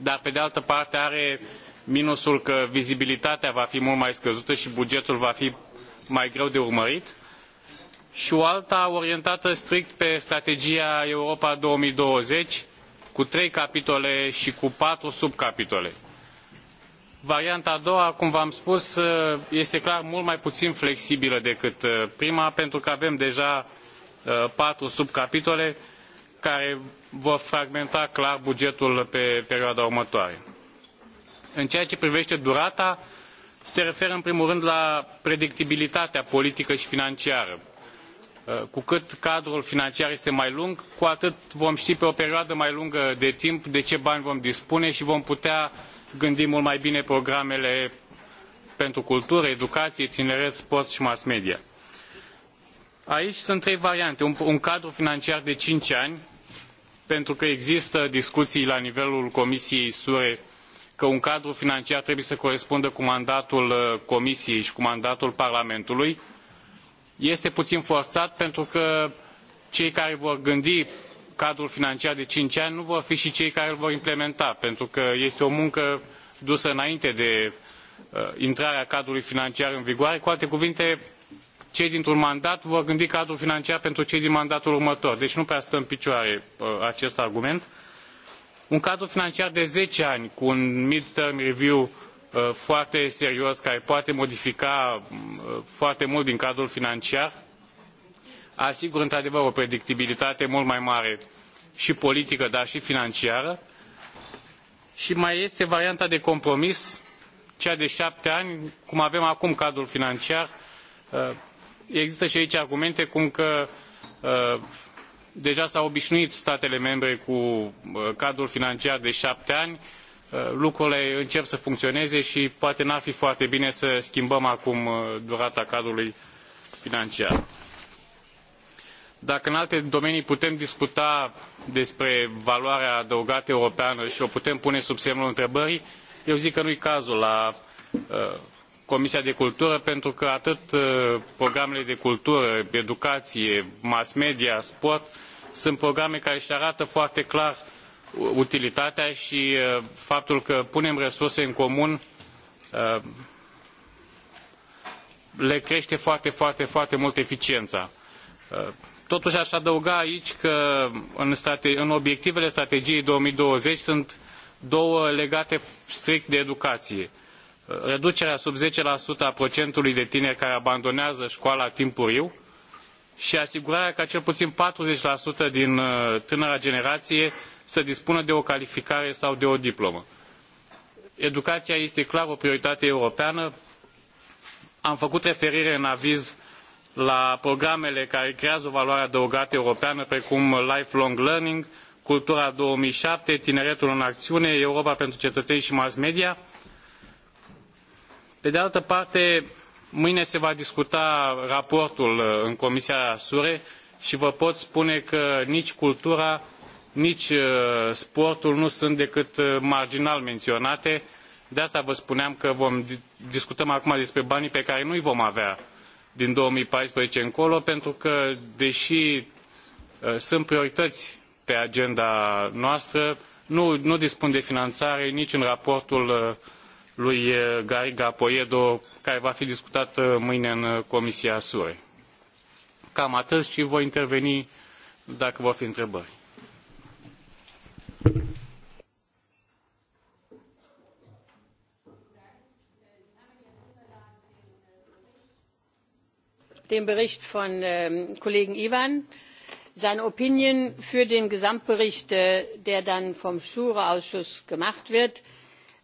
dar pe de altă parte are minusul că vizibilitatea va fi mult mai scăzută și bugetul va fi mai greu de urmărit și o alta orientată strict pe strategia Europa 2020 cu trei capitole și cu patru subcapitole. Varianta a doua, cum v-am spus, este clar mult mai puțin flexibilă decât uh, prima, pentru că avem deja uh, patru subcapitole care vor fragmenta clar bugetul pe perioada următoare. În ceea ce privește durata, se referă în primul rând la predictibilitatea politică și financiară. Uh, cu cât cadrul financiar este mai lung, cu atât vom ști pe o perioadă mai lungă de timp de ce bani vom dispune și vom putea gândi mult mai bine programele pentru cultură, educație, tineret, sport și mass media. Aici sunt trei variante. Un, un cadru financiar de 5 ani, pentru că există discuii la nivelul comisiei sure că un cadru financiar trebuie să corespundă cu mandatul uh, comisiei i cu mandatul parlamentului este puin forat pentru că cei care vor gândi cadrul financiar de cinci ani nu vor fi i cei care îl vor implementa pentru că este o muncă dusă înainte de uh, intrarea cadrului financiar în vigoare cu alte cuvinte cei dintr un mandat vor gândi cadrul financiar pentru cei din mandatul următor deci nu prea stă în picioare uh, acest argument. un cadru financiar de zece ani cu un mid term review uh, foarte serios care poate modifica uh, foarte mult din cadrul financiar asigură într adevăr o predictibilitate mult mai mare i politică dar i financiară i mai este varianta de compromis cea de șapte ani cum avem acum cadrul financiar există i aici argumente cum că uh, deja s au obinuit statele membre cu uh, cadrul financiar de apte ani uh, lucrurile încep să funcioneze i poate n ar fi foarte bine să schimbăm acum durata cadrului financiar. Dacă în alte domenii putem discuta despre valoarea adăugată europeană și o putem pune sub semnul întrebării, eu zic că nu-i cazul la Comisia de Cultură, pentru că atât uh, programele de cultură, educație, mass media, sport, sunt programe care își arată foarte clar uh, utilitatea și uh, faptul că punem resurse în comun le crește foarte, foarte, foarte mult eficiența. Totuși aș adăuga aici că în, strate în obiectivele strategiei 2020 sunt două legate strict de educație. Uh, reducerea sub 10% a procentului de tineri care abandonează școala timpuriu și asigurarea ca cel puțin 40% din uh, tânăra generație să dispună de o calificare sau de o diplomă. Educația este clar o prioritate europeană. Am făcut referire în aviz la programele care creează o valoare adăugată europeană, precum Lifelong Learning, Cultura 2007, Tineretul în Acțiune, Europa pentru Cetățeni și Mass Media, Pe de altă parte, mâine se va discuta raportul uh, în Comisia Sure și vă pot spune că nici cultura, nici uh, sportul nu sunt decât uh, marginal menționate. De asta vă spuneam că vom discutăm acum despre banii pe care nu-i vom avea din 2014 încolo, pentru că, deși sunt priorități pe agenda noastră, nu, nu dispun de finanțare nici în raportul uh, lui eh, Gariga Poiedo, care va fi discutat eh, mâine în eh, Comisia SURE. Cam atât și voi interveni dacă vor fi întrebări. den bericht von ähm, kollegen ivan seine opinion für den gesamtbericht äh, der dann vom sure ausschuss gemacht wird.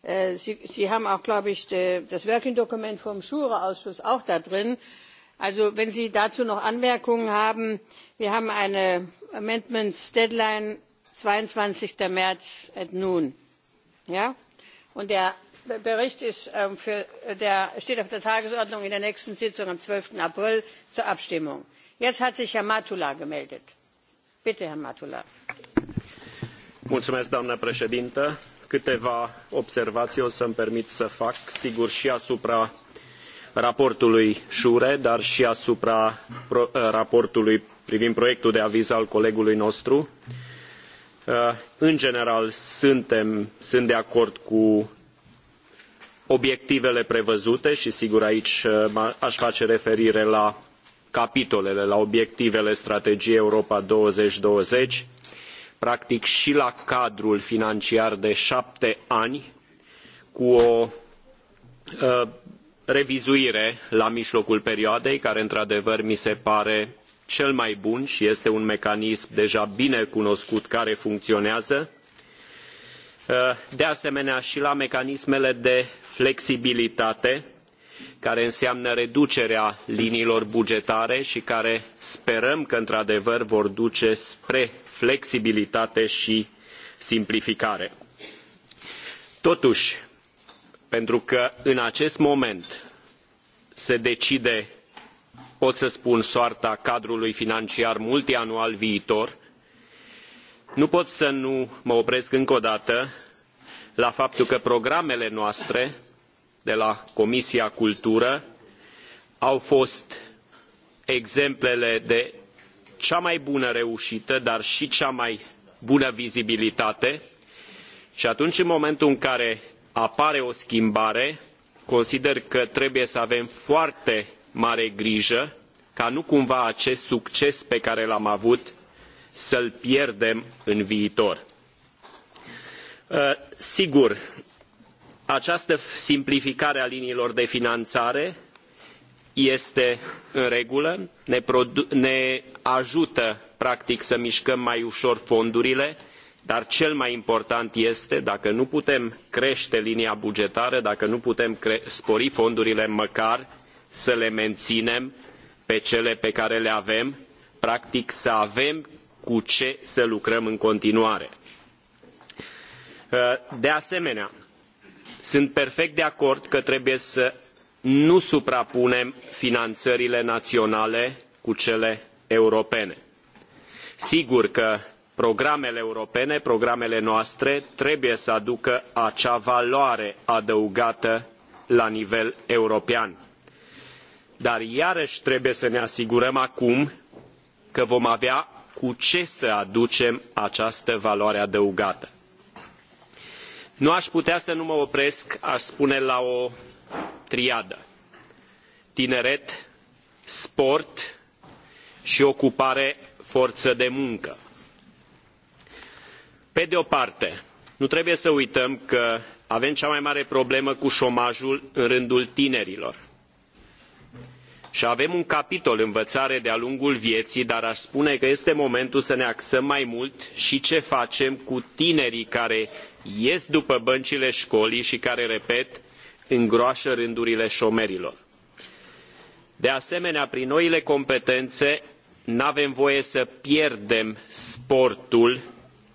Äh, Sie, haben auch, glaube ich, das Working document vom sure ausschuss auch da drin. Also wenn Sie dazu noch Anmerkungen haben, wir haben eine Amendments Deadline 22. März at noon. Ja? Und der Bericht ähm, steht auf der Tagesordnung in der nächsten Sitzung am zwölf April zur Abstimmung. Jetzt hat sich Herr Matula gemeldet. Bitte, Herr Matula. doamnă președintă câteva observații o să-mi permit să fac, sigur, și asupra raportului Șure, dar și asupra pro, raportului privind proiectul de aviz al colegului nostru. În general, suntem, sunt de acord cu obiectivele prevăzute și, sigur, aici aș face referire la capitolele, la obiectivele strategiei Europa 2020, practic și la cadrul financiar de șapte ani, cu o revizuire la mijlocul perioadei, care într-adevăr mi se pare cel mai bun și este un mecanism deja bine cunoscut care funcționează. de asemenea și la mecanismele de flexibilitate, care înseamnă reducerea liniilor bugetare și care sperăm că într-adevăr vor duce spre flexibilitate și simplificare. Totuși, pentru că în acest moment se decide, pot să spun, soarta cadrului financiar multianual viitor, nu pot să nu mă opresc încă o dată la faptul că programele noastre de la Comisia Cultură au fost exemplele de cea mai bună reuită dar i cea mai bună vizibilitate i atunci în momentul în care apare o schimbare consider că trebuie să avem foarte mare grijă ca nu cumva acest succes pe care l am avut să l pierdem în viitor. Uh, sigur, această simplificare a liniilor de finanare este în regulă, ne, ajută practic să micăm mai uor fondurile, dar cel mai important este dacă nu putem crete linia bugetară, dacă nu putem spori fondurile măcar să le meninem pe cele pe care le avem, practic să avem cu ce să lucrăm în continuare. Uh, de asemenea, sunt perfect de acord că trebuie să nu suprapunem finanările naionale cu cele europene. Sigur că programele europene, programele noastre, trebuie să aducă acea valoare adăugată la nivel european. Dar iarăi trebuie să ne asigurăm acum că vom avea cu ce să aducem această valoare adăugată. Nu a putea să nu mă opresc, a spune, la o triadă tineret sport și ocupare forță de muncă. pe de o parte nu trebuie să uităm că avem cea mai mare problemă cu șomajul în rândul tinerilor și avem un capitol învățare de-a lungul vieții, dar aș spune că este momentul să ne axăm mai mult și ce facem cu tinerii care ies după băncile școlii și care, repet, îngroașă rândurile șomerilor. De asemenea, prin noile competențe, nu avem voie să pierdem sportul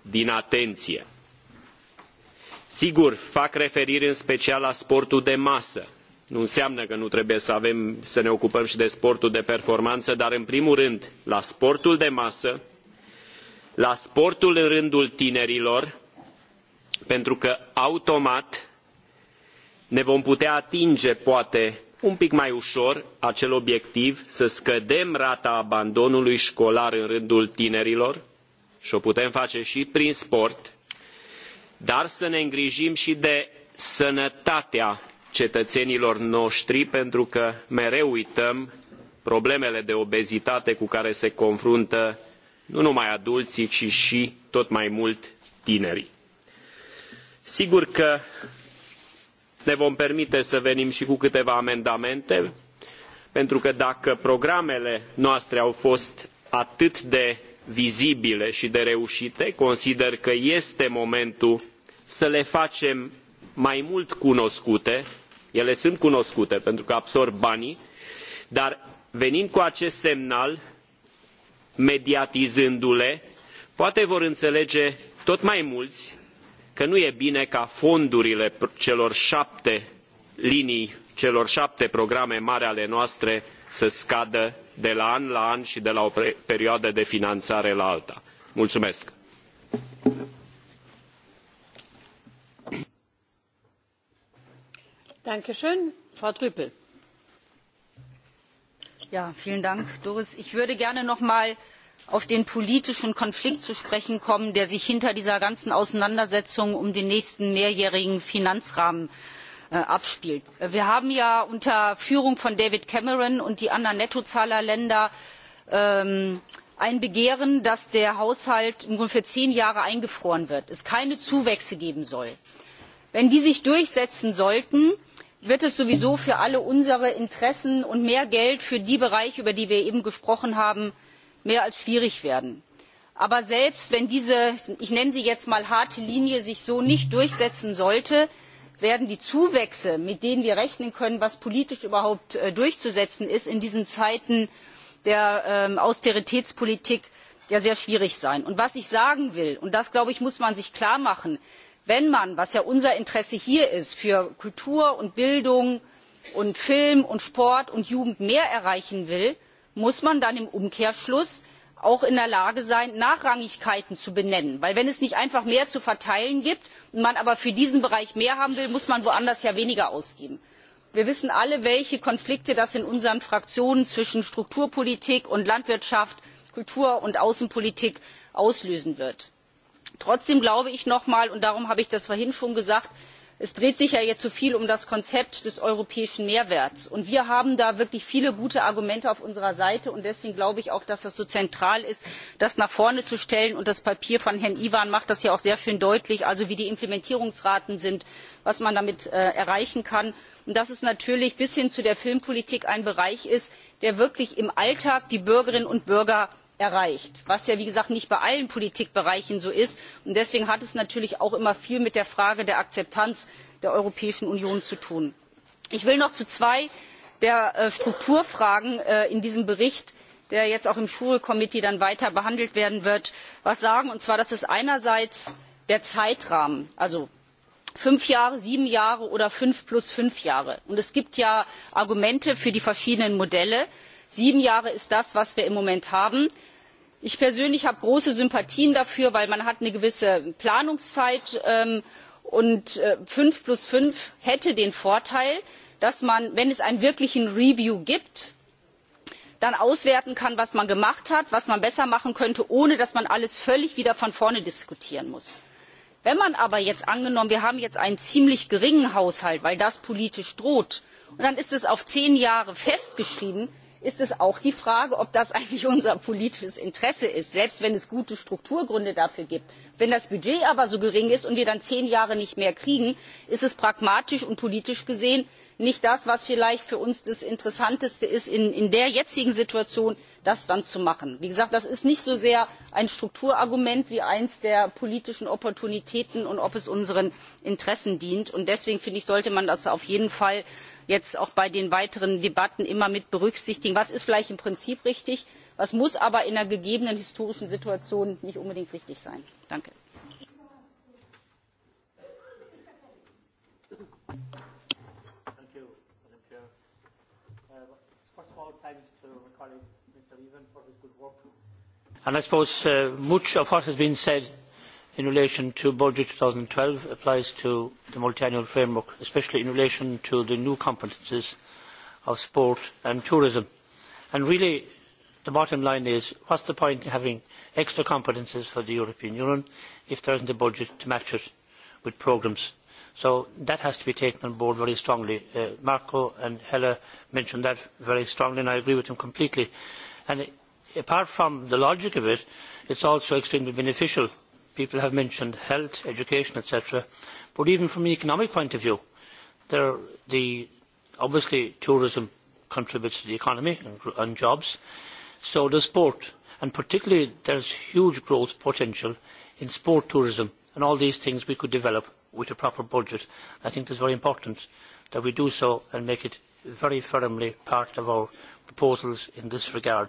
din atenție. Sigur, fac referire în special la sportul de masă. Nu înseamnă că nu trebuie să, avem, să ne ocupăm și de sportul de performanță, dar în primul rând la sportul de masă, la sportul în rândul tinerilor, pentru că automat ne vom putea atinge poate un pic mai uor acel obiectiv să scădem rata abandonului colar în rândul tinerilor i o putem face i prin sport, dar să ne îngrijim i de sănătatea cetăenilor notri pentru că mereu uităm problemele de obezitate cu care se confruntă nu numai adulii ci i tot mai mult tinerii. Sigur că ne vom permite să venim i cu câteva amendamente pentru că dacă programele noastre au fost atât de vizibile i de reuite consider că este momentul să le facem mai mult cunoscute ele sunt cunoscute pentru că absorb banii dar venind cu acest semnal mediatizându le poate vor înelege tot mai muli că nu e bine ca fondurile celor șapte linii, celor șapte programe mari ale noastre să scadă de la an la an și de la o perioadă de finanțare la alta. Mulțumesc! Ja, vielen Dank, Doris. Ich würde gerne noch mal auf den politischen konflikt zu sprechen kommen der sich hinter dieser ganzen auseinandersetzung um den nächsten mehrjährigen finanzrahmen äh, abspielt. wir haben ja unter führung von david cameron und den anderen nettozahlerländern ähm, ein begehren dass der haushalt nun für zehn jahre eingefroren wird es keine zuwächse geben soll. wenn die sich durchsetzen sollten wird es sowieso für alle unsere interessen und mehr geld für die bereiche über die wir eben gesprochen haben mehr als schwierig werden. aber selbst wenn diese ich nenne sie jetzt mal harte linie sich so nicht durchsetzen sollte werden die zuwächse mit denen wir rechnen können was politisch überhaupt äh, durchzusetzen ist in diesen zeiten der ähm, austeritätspolitik ja sehr schwierig sein. was ich sagen will und das muss man sich klarmachen wenn man was ja unser interesse hier ist für kultur und bildung und film und sport und jugend mehr erreichen will muss man dann im umkehrschluss auch in der lage sein nachrangigkeiten zu benennen denn wenn es nicht einfach mehr zu verteilen gibt man aber für diesen bereich mehr haben will muss man woanders ja weniger ausgeben. wir wissen alle welche konflikte das in unseren fraktionen zwischen strukturpolitik und landwirtschaft kultur und außenpolitik auslösen wird. trotzdem glaube ich noch einmal und darum habe ich das vorhin schon gesagt es dreht sich ja jetzt so viel um das konzept des europäischen mehrwerts und wir haben da wirklich viele gute argumente auf unserer seite und deswegen glaube ich auch dass es so zentral ist das nach vorne zu stellen und das papier von herrn ivan macht das ja auch sehr schön deutlich also wie die implementierungsraten sind was man damit äh, erreichen kann und dass es natürlich bis hin zu der filmpolitik ein bereich ist der wirklich im alltag die bürgerinnen und bürger erreicht was ja wie gesagt nicht bei allen politikbereichen so ist. Und deswegen hat es natürlich auch immer viel mit der frage der akzeptanz der europäischen union zu tun. ich will noch zu zwei der äh, strukturfragen äh, in diesem bericht der jetzt auch im sure ausschuss dann weiter behandelt werden wird etwas sagen und zwar das ist einerseits der zeitrahmen also fünf jahre sieben jahre oder fünf plus fünf jahre. Und es gibt ja argumente für die verschiedenen modelle. sieben jahre ist das was wir im moment haben ich persönlich habe große sympathien dafür weil man eine gewisse planungszeit hat ähm, und äh, fünf plus fünf hätte den vorteil dass man wenn es einen wirklichen review gibt dann auswerten kann was man gemacht hat was man besser machen könnte ohne dass man alles völlig wieder von vorne diskutieren muss. wenn man aber jetzt angenommen wir haben jetzt einen ziemlich geringen haushalt weil das politisch droht und dann ist es auf zehn jahre festgeschrieben ist es auch die frage ob das eigentlich unser politisches interesse ist selbst wenn es gute strukturgründe dafür gibt. wenn das budget aber so gering ist und wir dann zehn jahre nicht mehr kriegen ist es pragmatisch und politisch gesehen nicht das was vielleicht für uns das interessanteste ist in der jetzigen situation das dann zu machen. wie gesagt das ist nicht so sehr ein strukturargument wie eines der politischen opportunitäten und ob es unseren interessen dient. und deswegen finde ich sollte man das auf jeden fall jetzt auch bei den weiteren debatten immer mit berücksichtigen was ist vielleicht im prinzip richtig was muss aber in der gegebenen historischen situation nicht unbedingt richtig sein in relation to budget two thousand and twelve applies to the multiannual framework especially in relation to the new competences of sport and tourism. And really the bottom line is what is the point in having extra competences for the european union if there is not a budget to match it with programmes? so that has to be taken on board very strongly. Uh, marco and helle mentioned that very strongly and i agree with them completely. apart from the logic of it it is also extremely beneficial people have mentioned health education etc. but even from an economic point of view obviously tourism contributes to the economy and, and jobs so does sport and particularly there is huge growth potential in sport tourism and all these things we could develop with a proper budget. i think it is very important that we do so and make it very firmly part of our proposals in this regard.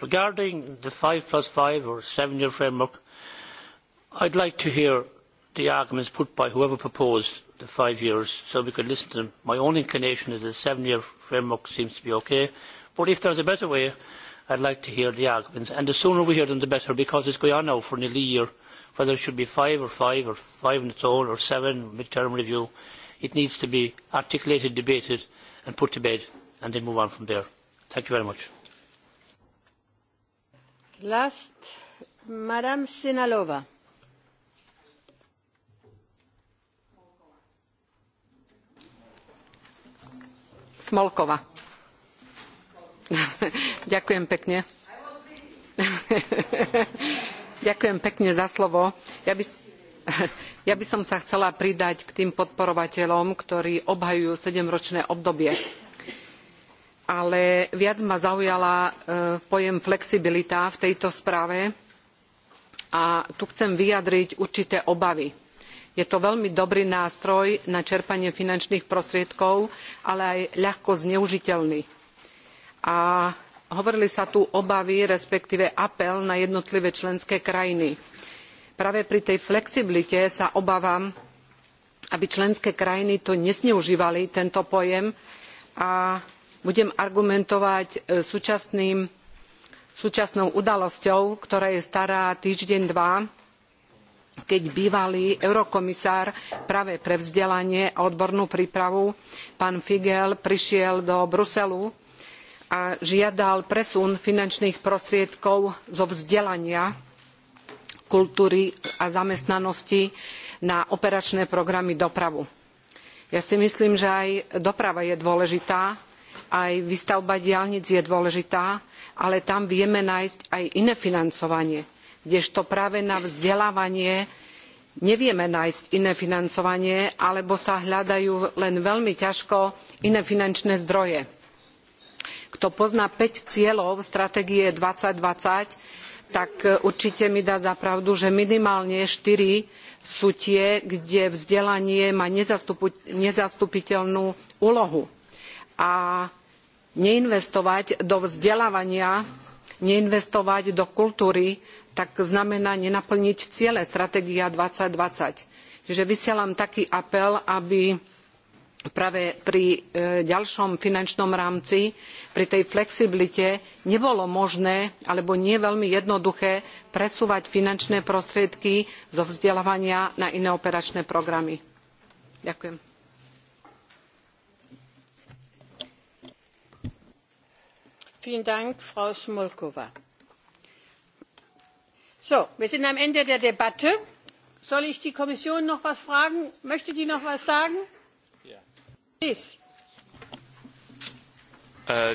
regarding the five plus five or seven year framework i would like to hear the arguments put by whoever proposed the five years so we could listen to them. My own inclination is that the seven year framework seems to be ok but if there is a better way, i would like to hear the arguments. And the sooner we hear them, the better, because it's going on now for nearly a year. Whether it should be five or five or five on its own or seven, mid-term review, it needs to be articulated, debated and put to bed and then move on from there. Thank you very much. Last, Madame Sinalova. smolková pekne. pekne za slovo. Ja by, by som sa chcela pridať k tým podporovateľom, ktorí obhajujú sedemročné obdobie. Ale viac ma zaujala e, pojem flexibilita v tejto správe a tu chcem vyjadriť určité obavy je to veľmi dobrý nástroj na čerpanie finančných prostriedkov ale aj ľahko zneužiteľný. a hovorili sa tu obavy respektíve apel na jednotlivé členské krajiny. práve pri tej flexibilite sa obávam aby členské krajiny to nezneužívali tento pojem a budem argumentovať e, súčasným, súčasnou udalosťou ktorá je stará týždeň dva keď bývalý eurokomisár práve pre vzdelanie a odbornú prípravu pán Figel prišiel do Bruselu a žiadal presun finančných prostriedkov zo vzdelania kultúry a zamestnanosti na operačné programy dopravu. Ja si myslím, že aj doprava je dôležitá, aj výstavba diaľnic je dôležitá, ale tam vieme nájsť aj iné financovanie kdežto práve na vzdelávanie nevieme nájsť iné financovanie alebo sa hľadajú len veľmi ťažko iné finančné zdroje. kto pozná päť cieľov stratégie two thousand and twenty tak e, určite mi dá za pravdu že minimálne štyri sú tie kde vzdelanie má nezastupiteľnú úlohu a neinvestovať do vzdelávania neinvestovať do kultúry tak znamená nenaplniť ciele stratégia 2020. Čiže vysielam taký apel, aby práve pri e, ďalšom finančnom rámci pri tej flexibilite nebolo možné alebo nie veľmi jednoduché presúvať finančné prostriedky zo vzdelávania na iné operačné programy. Ďakujem. Vielen Dank, Frau Smolkova wir sind am Ende der Debatte. Soll ich die Kommission noch etwas fragen? Möchte die noch etwas sagen? Uh,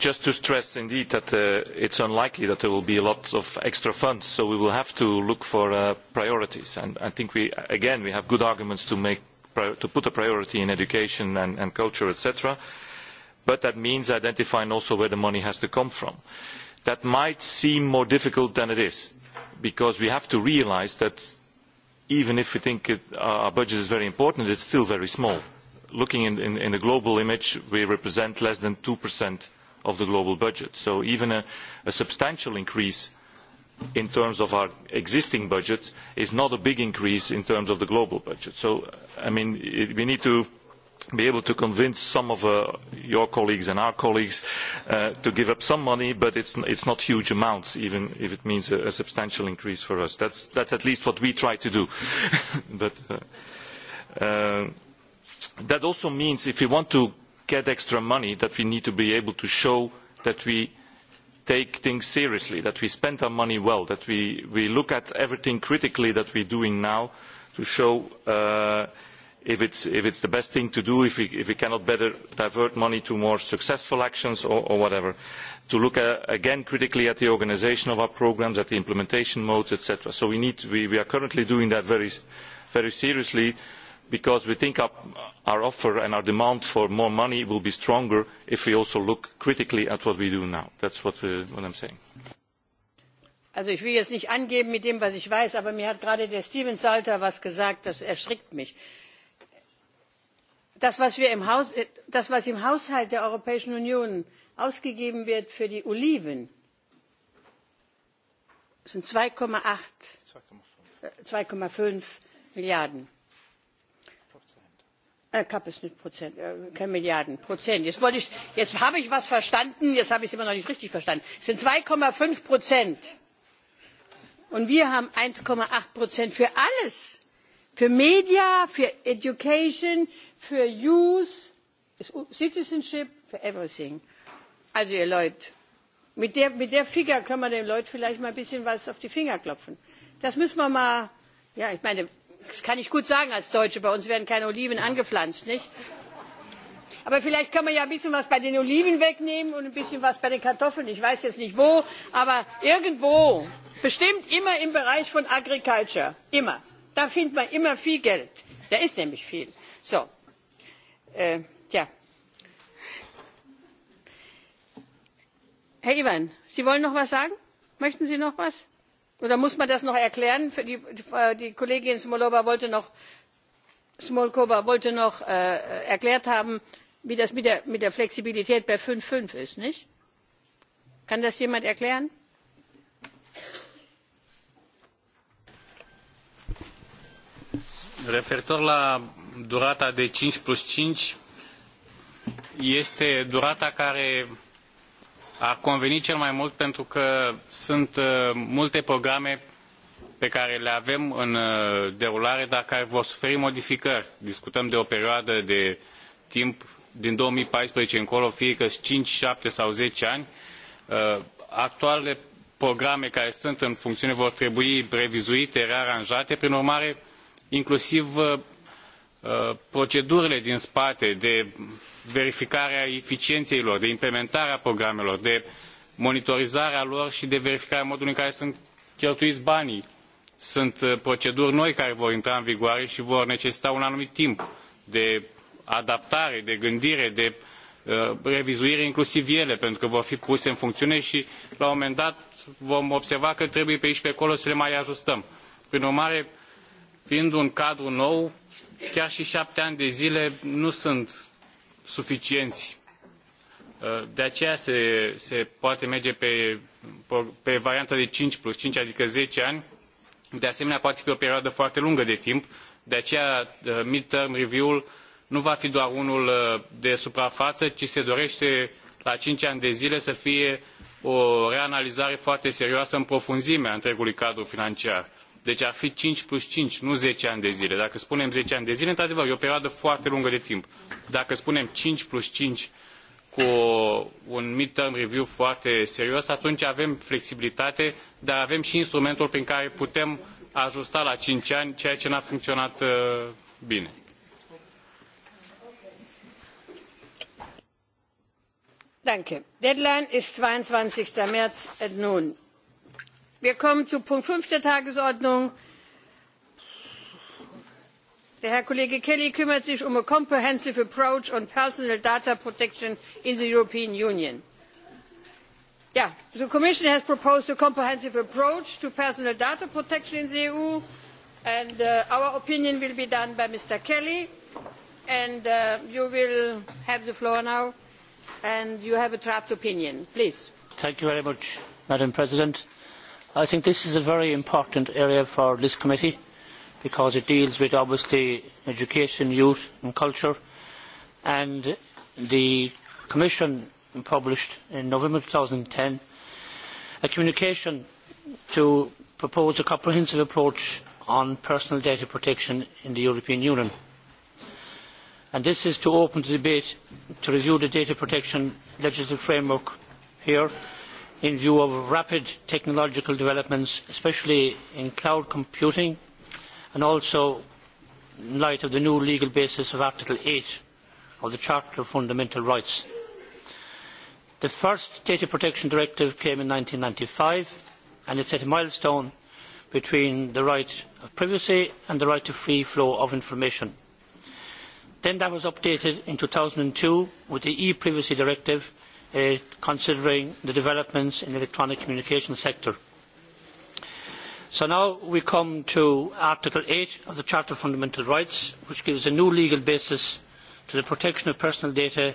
just to stress indeed that uh, it is unlikely that there will be a lot of extra funds, so we will have to look for uh, priorities. And I think we, again, we have good arguments to, make, to put a priority in education and, and culture, etc. But that means identifying also where the money has to come from. That might seem more difficult than it is because we have to realise that even if we think it, uh, our budget is very important, it's still very small. Looking in, in, in the global image, we represent less than 2% of the global budget. So even a, a substantial increase in terms of our existing budget is not a big increase in terms of the global budget. So, I mean, it, we need to be able to convince some of uh, your colleagues and our colleagues uh, to give up some money, but it's, it's not huge amounts, even if it means a, a substantial increase for us. That's, that's at least what we try to do. but uh, uh, that also means if we want to get extra money, that we need to be able to show that we take things seriously, that we spend our money well, that we, we look at everything critically that we're doing now to show uh, if it is the best thing to do, if we, cannot better divert money to more successful actions or, whatever, to look uh, again critically at the organisation of our programmes, at the implementation modes, etc. So we, need, we, we are currently doing that very, very seriously because we think our, our offer and our demand for more money will be stronger if we also look critically at what we do now. That's what, we, uh, what I'm saying. Also ich will jetzt nicht angeben mit dem, was ich weiß, aber mir hat gerade der Steven Salter was gesagt, das erschrickt mich Äh, das was, im haushalt der europäischen union ausgegeben wird für die oliven sind zwei acht zwei äh, fünf milliarden äh, keine milliarden prozent jetzt, ich, jetzt habe ich etwas verstanden jetzt habe ich es immer noch nicht richtig verstanden es sind zwei fünf prozent und wir haben eins acht prozent für alles für media für education für youth citizenship für everything. also ihr leute mit der, figur können wir den leuten vielleicht mal ein bisschen was auf die finger klopfen. das müssen wir mal ja ich meine das kann ich gut sagen als deutsche bei uns werden keine oliven angepflanzt nicht? aber vielleicht kann man ja ein bisschen was bei den oliven wegnehmen und ein bisschen was bei den kartoffeln ich weiß jetzt nicht wo aber irgendwo bestimmt immer im bereich von agriculture immer da findet man immer viel geld da ist nämlich viel. So. Eh, herr iwan sie wollen noch etwas sagen? möchten sie noch etwas? oder muss man das noch erklären? Die, kollegin smolkova wollte noch, äh, erklärt haben wie das mit der, flexibilität bei fünf fünf ist nicht? kann das jemand erklären? referitor la durata de 5 plus 5 este durata care a convenit cel mai mult pentru că sunt uh, multe programe pe care le avem în uh, derulare, dar care vor suferi modificări. Discutăm de o perioadă de timp din 2014 încolo, fie că 5, 7 sau 10 ani. Uh, actualele programe care sunt în funcțiune vor trebui revizuite, rearanjate, prin urmare, inclusiv Eh, procedurile din spate de verificare a eficienței lor, de implementarea programelor, de monitorizarea lor și de verificarea modului în care sunt cheltuiți banii. Sunt eh, proceduri noi care vor intra în vigoare și vor necesita un anumit timp de adaptare, de gândire, de eh, revizuire inclusiv ele, pentru că vor fi puse în funcțiune și la un moment dat vom observa că trebuie pe aici pe acolo să le mai ajustăm. Prin urmare, fiind un cadru nou, chiar și șapte ani de zile nu sunt suficienți. Uh, de aceea se, se poate merge pe, pe, pe varianta de 5 plus 5, adică 10 ani. De asemenea, poate fi o perioadă foarte lungă de timp. De aceea, uh, mid-term review-ul nu va fi doar unul uh, de suprafață, ci se dorește la 5 ani de zile să fie o reanalizare foarte serioasă în profunzimea întregului cadru financiar. Uh, Deci ar fi 5 plus 5, nu 10 ani de zile. Dacă spunem 10 ani de zile, într-adevăr, e o perioadă foarte lungă de timp. Dacă spunem 5 plus 5 cu un mid-term review foarte serios, atunci avem flexibilitate, dar avem și instrumentul prin care putem ajusta la 5 ani ceea ce n-a funcționat uh, bine. Danke. Deadline ist 22. März at noon wir kommen zu punkt fünf der tagesordnung der herr kollege kelly kümmert sich um a comprehensive approach on personal data protection in the european union. the commission has proposed a comprehensive approach to personal data protection in the eu and uh, our opinion will be done by mr kelly uh, you will have the floor now and you have a draft opinion please. madam president i think this is a very important area for this committee because it deals with obviously education, youth and culture and the Commission published in November two thousand and ten a communication to propose a comprehensive approach on personal data protection in the European Union. And this is to open the debate to review the data protection legislative framework here in view of rapid technological developments, especially in cloud computing, and also in light of the new legal basis of Article eight of the Charter of Fundamental Rights. The first Data Protection Directive came in one thousand nine hundred and ninety five and it set a milestone between the right of privacy and the right to free flow of information. Then that was updated in two thousand and two with the e-privacy directive, Uh, considering the developments in the electronic communications sector. So now we come to Article 8 of the Charter of Fundamental Rights, which gives a new legal basis to the protection of personal data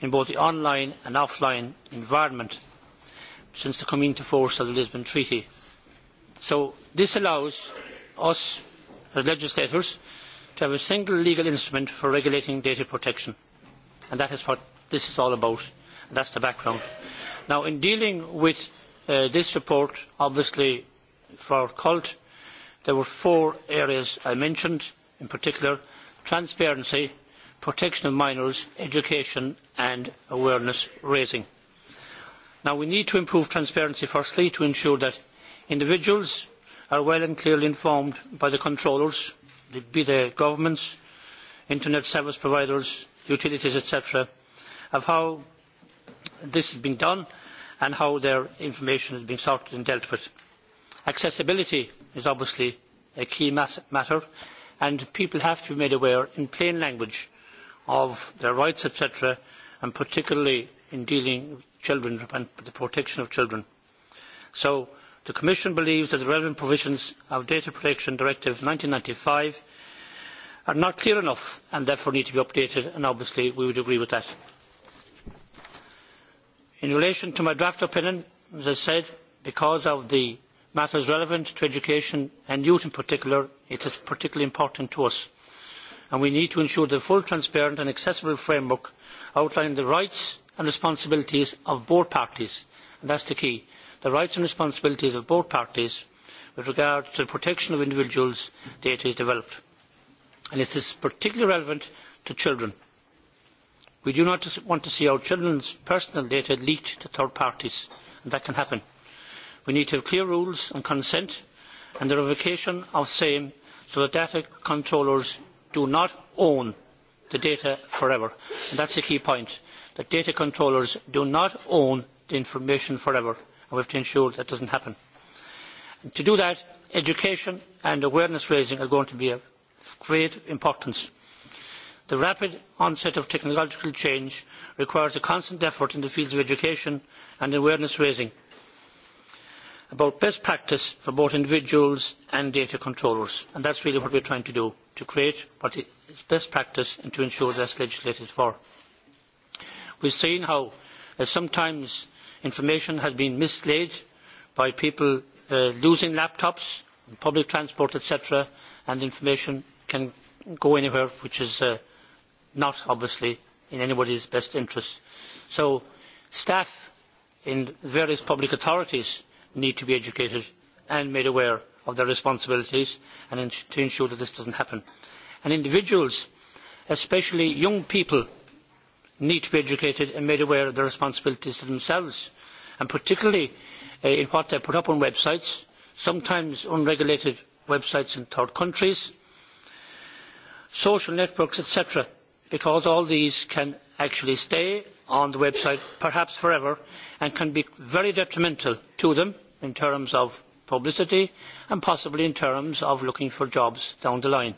in both the online and offline environment since the coming into force of the Lisbon Treaty. So this allows us as legislators to have a single legal instrument for regulating data protection and that is what this is all about that is the background. Now, in dealing with uh, this report, obviously for CULT, there were four areas I mentioned in particular, transparency, protection of minors, education and awareness raising. Now, we need to improve transparency firstly to ensure that individuals are well and clearly informed by the controllers, be they governments, internet service providers, utilities, etc., of how this has been done and how their information has been sorted and dealt with. Accessibility is obviously a key matter and people have to be made aware in plain language of their rights etc and particularly in dealing with children and the protection of children. So the Commission believes that the relevant provisions of Data Protection Directive 1995 are not clear enough and therefore need to be updated and obviously we would agree with that in relation to my draft opinion as i said because of the matters relevant to education and youth in particular it is particularly important to us and we need to ensure the full transparent and accessible framework outlining the rights and responsibilities of both parties and that is the key the rights and responsibilities of both parties with regard to the protection of individuals' data is developed and it is particularly relevant to children we do not want to see our children's personal data leaked to third parties and that can happen. we need to have clear rules on consent and the revocation of same so that data controllers do not own the data forever. that is a key point that data controllers do not own the information forever and we have to ensure that does not happen. to do that education and awareness raising are going to be of great importance the rapid onset of technological change requires a constant effort in the fields of education and awareness raising about best practice for both individuals and data controllers and that is really what we are trying to do to create what is best practice and to ensure that is legislated for. we have seen how uh, sometimes information has been mislaid by people uh, losing laptops public transport etc and information can go anywhere which is uh, not obviously in anybody's best interest. So staff in various public authorities need to be educated and made aware of their responsibilities and to ensure that this doesn't happen. And individuals, especially young people, need to be educated and made aware of their responsibilities to themselves, and particularly uh, in what they put up on websites, sometimes unregulated websites in third countries, social networks, etc because all these can actually stay on the website perhaps forever and can be very detrimental to them in terms of publicity and possibly in terms of looking for jobs down the line.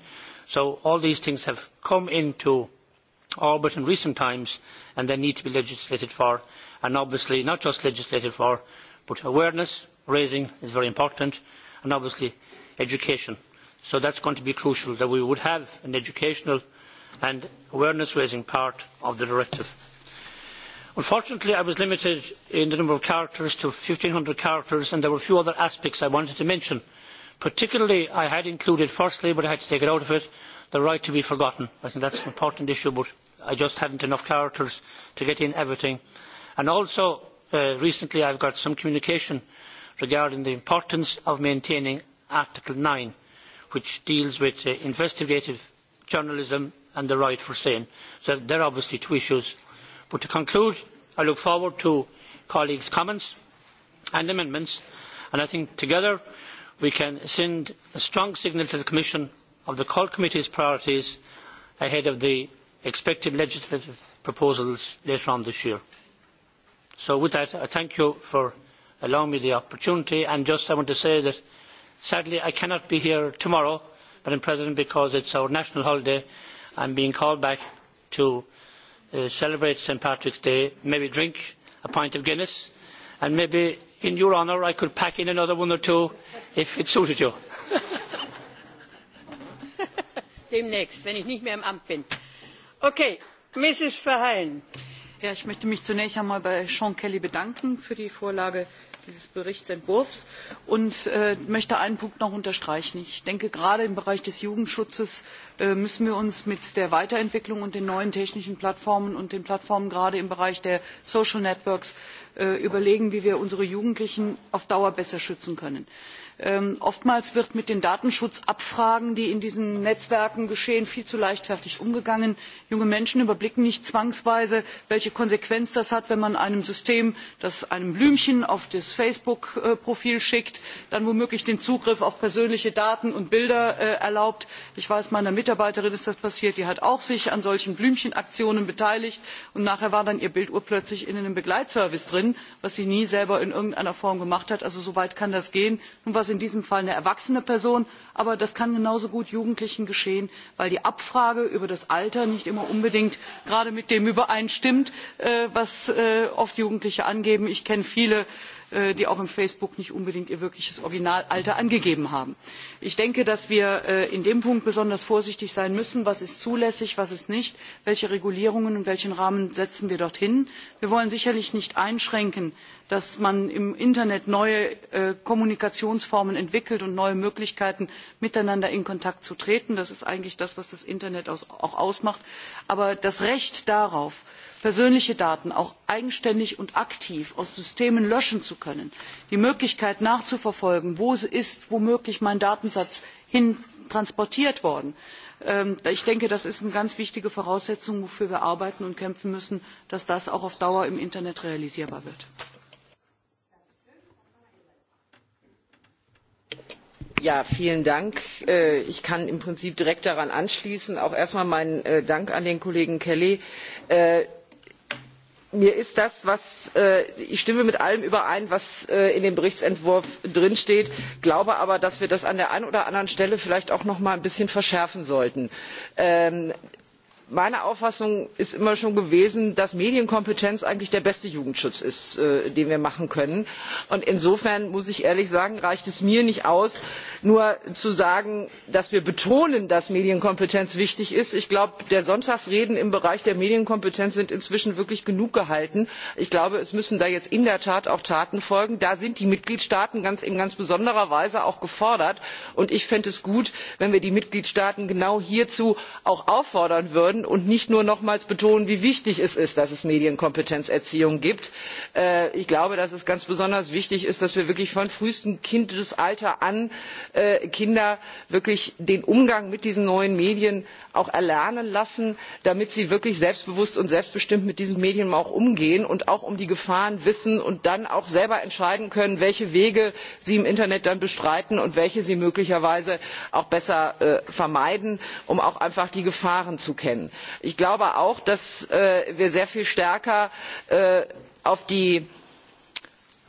So all these things have come into orbit in recent times and they need to be legislated for and obviously not just legislated for but awareness raising is very important and obviously education. So is going to be crucial that we would have an educational and awareness raising part of the directive. Unfortunately, I was limited in the number of characters to one five hundred characters, and there were a few other aspects I wanted to mention. Particularly, I had included, firstly, but I had to take it out of it, the right to be forgotten. I think that is an important issue, but I just had not enough characters to get in everything. And also, uh, recently i have got some communication regarding the importance of maintaining Article nine which deals with uh, investigative journalism and the right for same. So they are obviously two issues. But to conclude, I look forward to colleagues' comments and amendments, and I think together we can send a strong signal to the Commission of the Call Committee's priorities ahead of the expected legislative proposals later on this year. So with that, I thank you for allowing me the opportunity, and just I want to say that sadly I cannot be here tomorrow, Madam President, because it's our national holiday i am being called back to uh, celebrate St Patrick's Day, maybe drink a pint of Guinness, and maybe in your honour I could pack in another one or two if it suited you. Demnächst, wenn ich nicht mehr im Amt bin. Okay, Mrs. Verheyen. Ja, ich möchte mich zunächst einmal bei Sean Kelly bedanken für die Vorlage dieses Berichtsentwurfs und äh, möchte einen Punkt noch unterstreichen. Ich denke, gerade im Bereich des Jugendschutzes äh, müssen wir uns mit der Weiterentwicklung und den neuen technischen Plattformen und den Plattformen gerade im Bereich der Social Networks äh, überlegen, wie wir unsere Jugendlichen auf Dauer besser schützen können Ähm, oftmals wird mit den datenschutzabfragen die in diesen netzwerken geschehen viel zu leichtfertig umgegangen. junge menschen überblicken nicht zwangsweise welche konsequenz das hat wenn man einem system das einem blümchen auf das facebook profil schickt dann womöglich den zugriff auf persönliche daten und bilder äh, erlaubt. ich weiß meiner mitarbeiterin ist das passiert die hat auch an solchen blümchenaktionen beteiligt und nachher war dann ihr bild urplötzlich in einem begleitservice drin was sie nie selber in irgendeiner form gemacht hat. also so weit kann das gehen in diesem fall eine erwachsene person aber das kann genauso gut jugendlichen geschehen weil die abfrage über das alter nicht immer unbedingt gerade mit dem übereinstimmt äh, was äh, oft jugendliche angeben. ich kenne viele Äh, die auch im Facebook nicht unbedingt ihr wirkliches Originalalter angegeben haben. Ich denke, dass wir äh, in dem Punkt besonders vorsichtig sein müssen, was ist zulässig, was ist nicht, welche Regulierungen und welchen Rahmen setzen wir dorthin. Wir wollen sicherlich nicht einschränken, dass man im Internet neue äh, Kommunikationsformen entwickelt und neue Möglichkeiten, miteinander in Kontakt zu treten. Das ist eigentlich das, was das Internet auch ausmacht. Aber das Recht darauf, persönliche daten auch eigenständig und aktiv aus systemen löschen zu können die möglichkeit nachzuverfolgen wo ist womöglich mein datensatz hin transportiert worden ähm, ich denke das ist eine ganz wichtige voraussetzung wofür wir arbeiten und kämpfen müssen dass das auch auf dauer im internet realisierbar wird. vielen dank. Äh, ich kann im prinzip direkt daran anschließen auch erst einmal meinen äh, dank an den kollegen kelly. Äh, mir ist das was äh, ich stimme mit allem überein was äh, in dem berichtsentwurf steht glaube aber dass wir das an der einen oder anderen stelle vielleicht auch noch mal ein bisschen verschärfen sollten. Ähm, meine auffassung ist immer schon gewesen dass medienkompetenz eigentlich der beste jugendschutz ist äh, den wir machen können. und insofern muss ich ehrlich sagen reicht es mir nicht aus nur zu sagen dass wir betonen dass medienkompetenz wichtig ist. ich glaube der sonntagsreden im bereich der medienkompetenz sind inzwischen wirklich genug gehalten. ich glaube es müssen da jetzt in der tat auch taten folgen. da sind die mitgliedstaaten ganz, in ganz besonderer weise auch gefordert. und ich fände es gut wenn wir die mitgliedstaaten genau hierzu auch auffordern würden und nicht nur nochmals betonen wie wichtig es ist dass es medienkompetenzerziehung gibt. Äh, ich glaube dass es ganz besonders wichtig ist dass wir wirklich von frühestem kindesalter an äh, kinder wirklich den umgang mit diesen neuen medien auch erlernen lassen damit sie wirklich selbstbewusst und selbstbestimmt mit diesen medien auch umgehen und auch um die gefahren wissen und dann auch selber entscheiden können welche wege sie im internet dann beschreiten und welche sie möglicherweise auch besser äh, vermeiden um auch einfach die gefahren zu kennen ich glaube auch dass äh, wir sehr viel stärker äh, auf die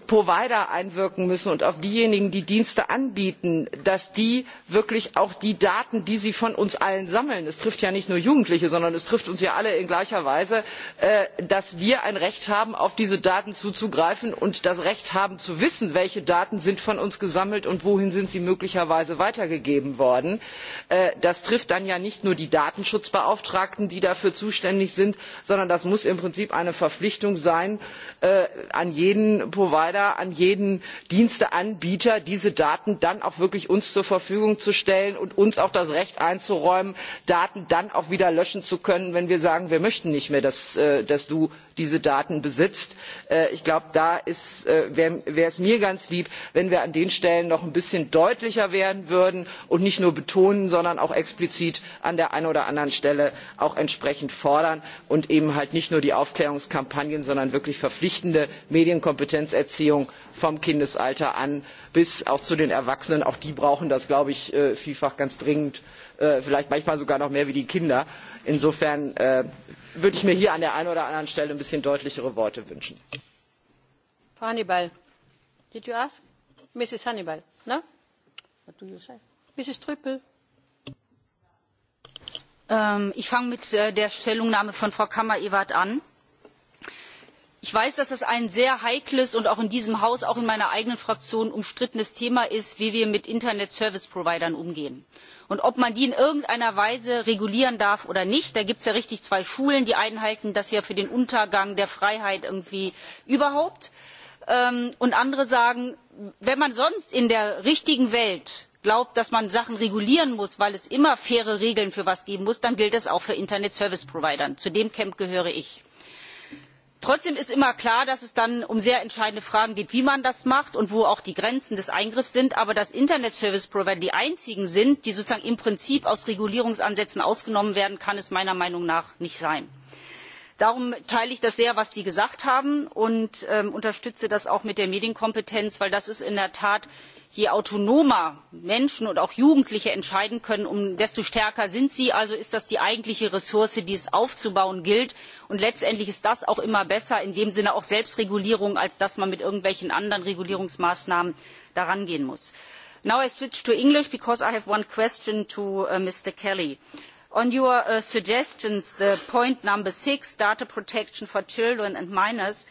provider einwirken müssen und auf diejenigen die dienste anbieten dass die wirklich auch die daten die sie von uns allen sammeln es trifft ja nicht nur jugendliche sondern es trifft uns ja alle in gleicher weise äh, dass wir ein recht haben auf diese daten zuzugreifen und das recht haben zu wissen welche daten von uns gesammelt und wohin sie möglicherweise weitergegeben worden sind. Äh, das trifft dann ja nicht nur die datenschutzbeauftragten die dafür zuständig sind sondern das muss im prinzip eine verpflichtung sein äh, an jeden provider leider an jeden diensteanbieter diese daten dann auch wirklich uns zur verfügung zu stellen und uns auch das recht einzuräumen daten dann auch wieder löschen zu können wenn wir sagen wir möchten nicht mehr dass, äh, du diese daten besitzt. Äh, ich glaube da äh, wäre es mir ganz lieb wenn wir an den stellen noch ein bisschen deutlicher werden würden und nicht nur betonen sondern auch explizit an der einen oder anderen stelle auch entsprechend fordern und eben halt nicht nur die aufklärungskampagnen sondern wirklich verpflichtende medienkompetenz Erziehung vom kindesalter an bis auch zu den erwachsenen auch die brauchen das glaube ich äh, vielfach ganz dringend äh, vielleicht manchmal sogar noch mehr als die kinder. insofern äh, würde ich mir hier an der einen oder anderen stelle ein bisschen deutlichere worte wünschen. frau hannibal did you ask? mrs hannibal no? what do you say? mrs trüpel ähm, ich fange mit der stellungnahme von frau kammer ewert an ich weiß dass es ein sehr heikles und auch in diesem haus auch in meiner eigenen fraktion umstrittenes thema ist wie wir mit internet service providern umgehen und ob man die in irgendeiner weise regulieren darf oder nicht. da gibt es ja richtig zwei schulen die einen halten das ja für den untergang der freiheit irgendwie überhaupt ähm, und andere sagen wenn man sonst in der richtigen welt glaubt dass man sachen regulieren muss weil es immer faire regeln für etwas geben muss dann gilt das auch für internet service provider. zu dem camp gehöre ich trotzdem ist immer klar dass es dann um sehr entscheidende fragen geht wie man das macht und wo auch die grenzen des eingriffs sind aber dass internet service provider die einzigen sind die sozusagen im prinzip aus regulierungsansätzen ausgenommen werden kann es meiner meinung nach nicht sein darum teile ich das sehr was sie gesagt haben und ähm, unterstütze das auch mit der medienkompetenz weil das ist in der tat je autonomer menschen und auch jugendliche entscheiden können um, desto stärker sind sie also ist das die eigentliche ressource die es aufzubauen gilt und letztendlich ist das auch immer besser in dem sinne auch selbstregulierung als dass man mit irgendwelchen anderen regulierungsmaßnahmen darangehen muss. now i switch to english because i have one question to äh, mr kelly on your uh, suggestions the point number six data protection for children and minors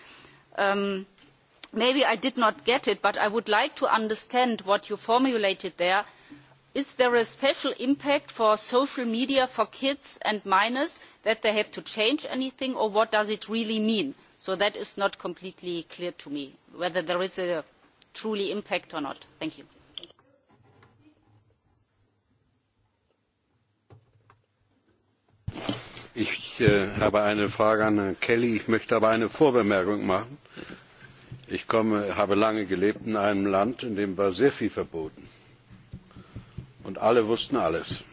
um, maybe i did not get it but i would like to understand what you formulated there is there a special impact for social media for kids and minors that they have to change anything or what does it really mean so that is not completely clear to me whether there is a truly impact or not thank you Ich äh, habe eine Frage an Herrn Kelly. Ich möchte aber eine Vorbemerkung machen. Ich komme, habe lange gelebt in einem Land, in dem war sehr viel verboten. Und alle wussten alles.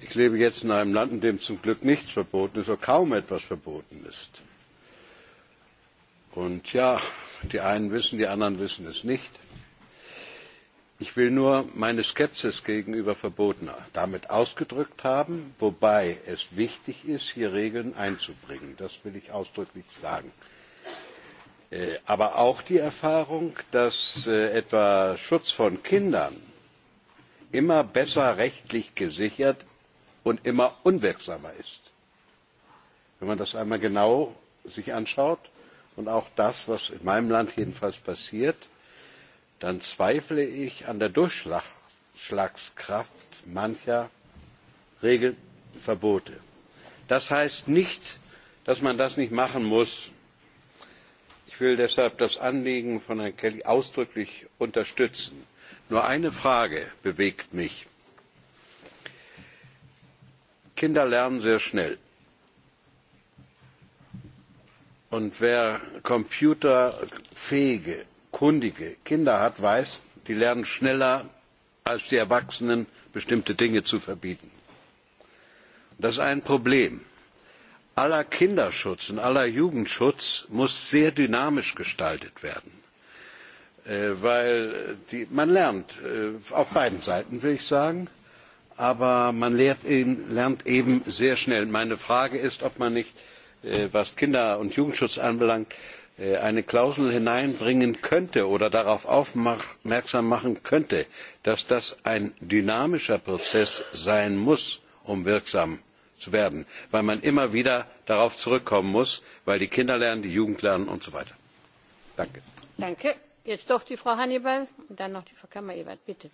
Ich lebe jetzt in einem Land, in dem zum Glück nichts verboten ist oder kaum etwas verboten ist. Und ja, die einen wissen, die anderen wissen es nicht. Ich will nur meine Skepsis gegenüber Verboten damit ausgedrückt haben, wobei es wichtig ist, hier Regeln einzubringen. Das will ich ausdrücklich sagen. Äh, aber auch die Erfahrung, dass äh, etwa Schutz von Kindern immer besser rechtlich gesichert und immer unwirksamer ist. Wenn man das einmal genau sich anschaut und auch das, was in meinem Land jedenfalls passiert, dann zweifle ich an der durchschlagskraft mancher regeln und verbote. das heißt nicht dass man das nicht machen muss. ich will deshalb das anliegen von herrn kelly ausdrücklich unterstützen. nur eine frage bewegt mich kinder lernen sehr schnell. und wer computerfähige kundige Kinder hat, weiß, die lernen schneller als die Erwachsenen, bestimmte Dinge zu verbieten. Das ist ein Problem. Aller Kinderschutz und aller Jugendschutz muss sehr dynamisch gestaltet werden, äh, weil die, man lernt äh, auf beiden Seiten, will ich sagen, aber man lernt eben, lernt eben sehr schnell. Meine Frage ist, ob man nicht, äh, was Kinder- und Jugendschutz anbelangt, Äh, eine klausel hineinbringen könnte oder darauf aufmerksam machen könnte dass das ein dynamischer prozess sein muss um wirksam zu werden weil man immer wieder darauf zurückkommen muss weil die kinder lernen die jugend lernt und so weiter. danke. danke. jetzt doch die frau hannibal und dann noch die frau kammer ewert. bitte.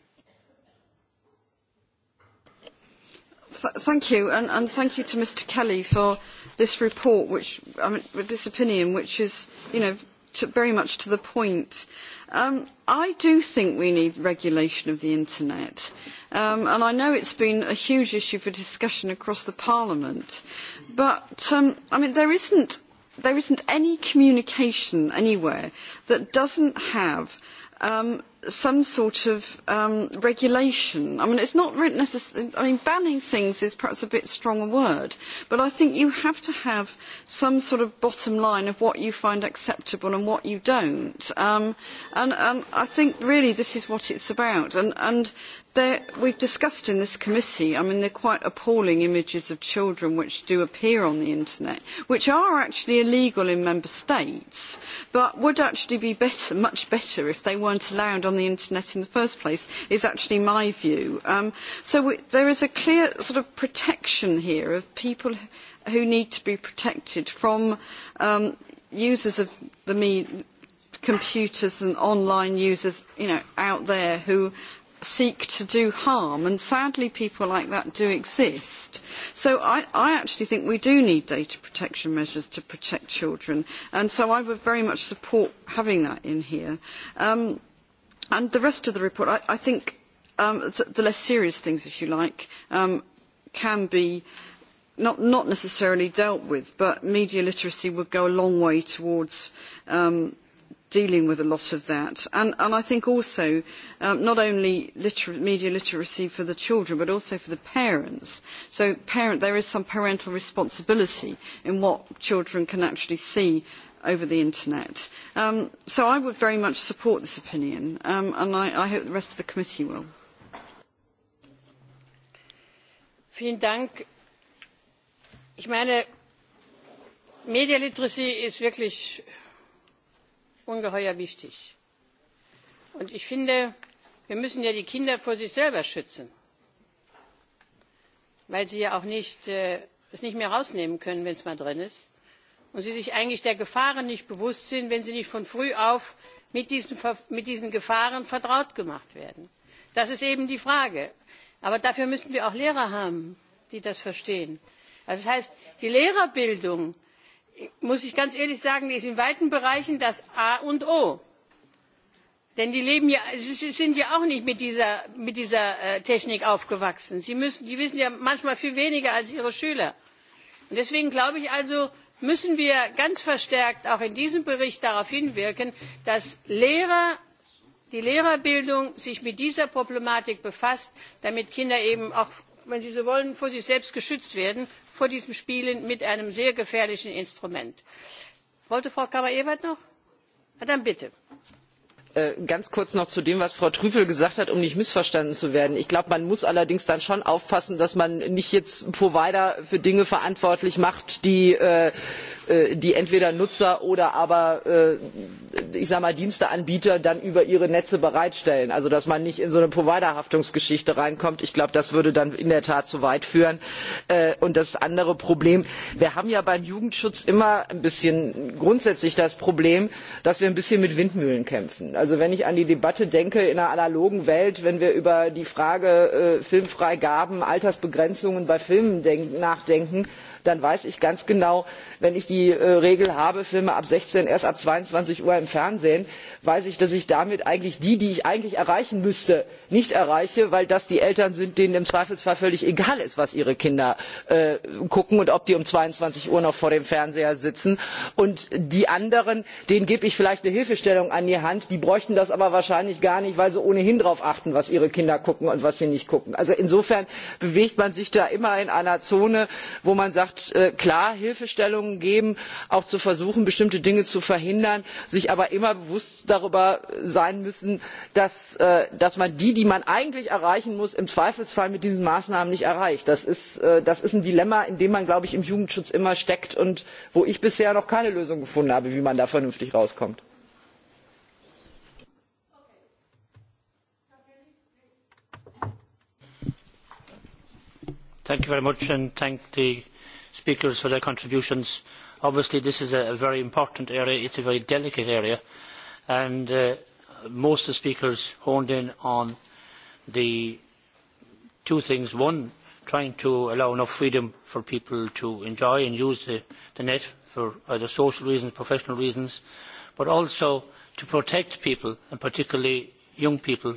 thank you, and, and thank you to Mr. Kelly for this report, which I mean, this opinion, which is you know to, very much to the point. Um, I do think we need regulation of the internet, um, and I know it's been a huge issue for discussion across the Parliament. But um, I mean, there isn't there isn't any communication anywhere that doesn't have um, some sort of um, regulation. I mean, it's not really necessarily, I mean, banning things is perhaps a bit strong a word, but I think you have to have some sort of bottom line of what you find acceptable and what you don't. Um, and, and I think really this is what it's about. And, and there, we've discussed in this committee, I mean, they're quite appalling images of children which do appear on the internet, which are actually illegal in member states, but would actually be better, much better if they weren't allowed on the internet in the first place, is actually my view. Um, so we, there is a clear sort of protection here of people who need to be protected from um, users of the me computers and online users you know, out there who seek to do harm, and sadly people like that do exist. So I, I actually think we do need data protection measures to protect children, and so I would very much support having that in here. Um, and the rest of the report, I, I think um, the, the less serious things, if you like, um, can be not, not necessarily dealt with, but media literacy would go a long way towards um, dealing with a lot of that. And, and I think also um, not only liter media literacy for the children, but also for the parents. So parent, there is some parental responsibility in what children can actually see over the internet. Um, so I would very much support this opinion, um, and I, I hope the rest of the committee will. Vielen Dank. Ich meine, Media ist wirklich ungeheuer wichtig. Und ich finde, wir müssen ja die Kinder vor sich selber schützen, weil sie ja auch nicht, äh, es nicht mehr rausnehmen können, wenn es mal drin ist. Und sie sich eigentlich der Gefahren nicht bewusst sind, wenn sie nicht von früh auf mit diesen, mit diesen Gefahren vertraut gemacht werden. Das ist eben die Frage. Aber dafür müssen wir auch Lehrer haben, die das verstehen. das heißt, die Lehrerbildung muss ich ganz ehrlich sagen ist in weiten bereichen das a und o. denn die sie sind ja auch nicht mit dieser, äh, technik aufgewachsen. Sie wissen ja manchmal viel weniger als ihre schüler. deswegen glaube ich also müssen wir ganz verstärkt auch in diesem bericht darauf hinwirken dass sich die lehrerbildung mit dieser problematik befasst damit kinder eben auch wenn sie so wollen vor sich selbst geschützt werden vor diesem spielen mit einem sehr gefährlichen instrument. wollte frau kammer noch? Na dann Äh, ganz kurz noch zu dem was frau trüpel gesagt hat um nicht missverstanden zu werden ich glaube man muss allerdings dann schon aufpassen dass man nicht jetzt provider für dinge verantwortlich macht die, äh, äh, entweder nutzer oder aber diensteanbieter dann über ihre netze bereitstellen also dass man nicht in so eine provider haftungsgeschichte hineinkommt ich glaube das würde dann in der tat zu weit führen. und das andere problem wir haben ja beim jugendschutz immer ein bisschen grundsätzlich das problem dass wir ein bisschen mit windmühlen kämpfen. Also wenn ich an die Debatte denke in einer analogen Welt, wenn wir über die Frage äh, Filmfreigaben, Altersbegrenzungen bei Filmen nachdenken, dann weiß ich ganz genau wenn ich die äh, regel habe filme ab sechzehn erst ab zweiundzwanzig uhr im fernsehen dass ich damit eigentlich die die ich eigentlich erreichen müsste nicht erreiche weil das die eltern sind denen im zweifelsfall völlig egal ist was ihre kinder äh, gucken und ob die um zweiundzwanzig uhr noch vor dem fernseher sitzen und die anderen denen gebe ich vielleicht eine hilfestellung an die hand die bräuchten das aber wahrscheinlich gar nicht weil sie ohnehin darauf achten was ihre kinder gucken und was sie nicht gucken. also insofern bewegt man sich da immer in einer zone wo man gesagt äh, klar hilfestellungen geben auch zu versuchen bestimmte dinge zu verhindern sich aber immer bewusst darüber sein müssen dass, äh, man die die man eigentlich erreichen muss im zweifelsfall mit diesen maßnahmen nicht erreicht. das ist, äh, ein dilemma in dem man glaube ich im jugendschutz immer steckt und wo ich bisher noch keine lösung gefunden habe wie man da vernünftig rauskommt speakers for their contributions. Obviously, this is a very important area. it is a very delicate area. And uh, most of the speakers honed in on two things. One, trying to allow enough freedom for people to enjoy and use the, net for either social reasons, or professional reasons, but also to protect people, and particularly young people.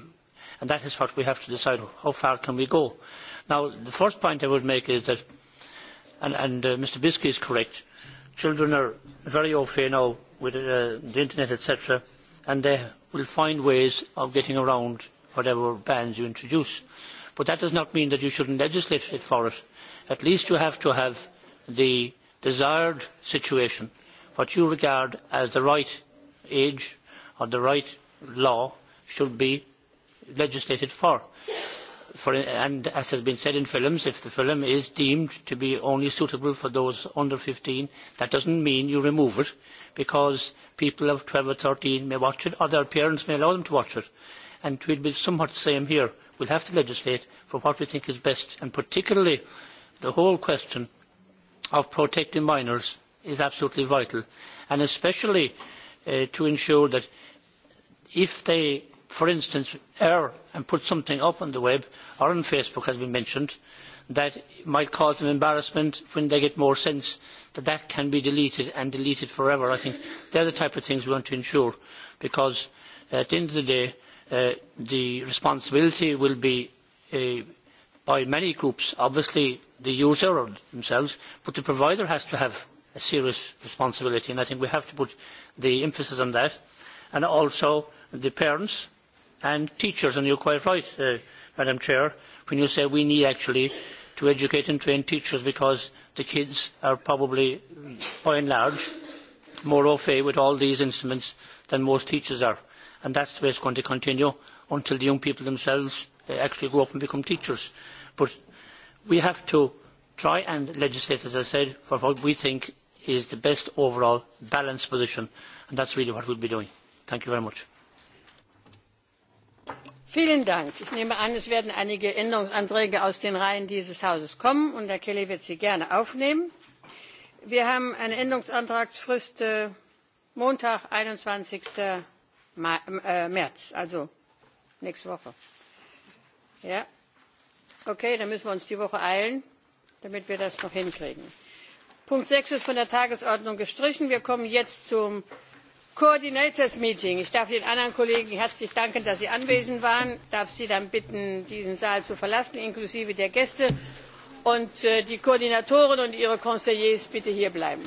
And that is what we have to decide. How far can we go? Now, the first point I would make is that and, uh, Mr Bisky is correct. Children are very au fait now with uh, the internet, etc., and they will find ways of getting around whatever bans you introduce. But that does not mean that you should not legislate for it. At least you have to have the desired situation, what you regard as the right age or the right law should be legislated for and as has been said in films, if the film is deemed to be only suitable for those under fifteen that does not mean you remove it, because people of twelve or thirteen may watch it, or their parents may allow them to watch it. And it will be somewhat the same here. we will have to legislate for what we think is best, and particularly the whole question of protecting minors is absolutely vital, and especially uh, to ensure that if they for instance err and put something up on the web or on facebook as has been mentioned that might cause them embarrassment when they get more sense that that can be deleted and deleted forever. i think they are the type of things we want to ensure because uh, at the end of the day uh, the responsibility will be uh, by many groups obviously the user or themselves but the provider has to have a serious responsibility and i think we have to put the emphasis on that and also the parents and teachers and you are quite right madam chair when you say we need actually to educate and train teachers because the kids are probably by and large more au fait with all these instruments than most teachers are and that is the way it is going to continue until the young people themselves uh, actually grow up and become teachers. but we have to try and legislate as i said for what we think is the best overall balanced position and that is really what we will be doing. thank you very much. Vielen Dank. Ich nehme an, es werden einige Änderungsanträge aus den Reihen dieses Hauses kommen und Herr Kelly wird sie gerne aufnehmen. Wir haben eine Änderungsantragsfrist äh, Montag, einundzwanzig äh, März, also nächste Woche. Okay, dann müssen wir uns die Woche eilen, damit wir das noch hinkriegen. Punkt sechs ist von der Tagesordnung gestrichen. Wir kommen jetzt zum coordinators meeting ich darf den anderen kollegen herzlich danken dass sie anwesend waren darf sie dann bitten diesen saal zu verlassen inklusive der gäste und äh, die koordinatoren und ihre conseillers bitte hierbleiben.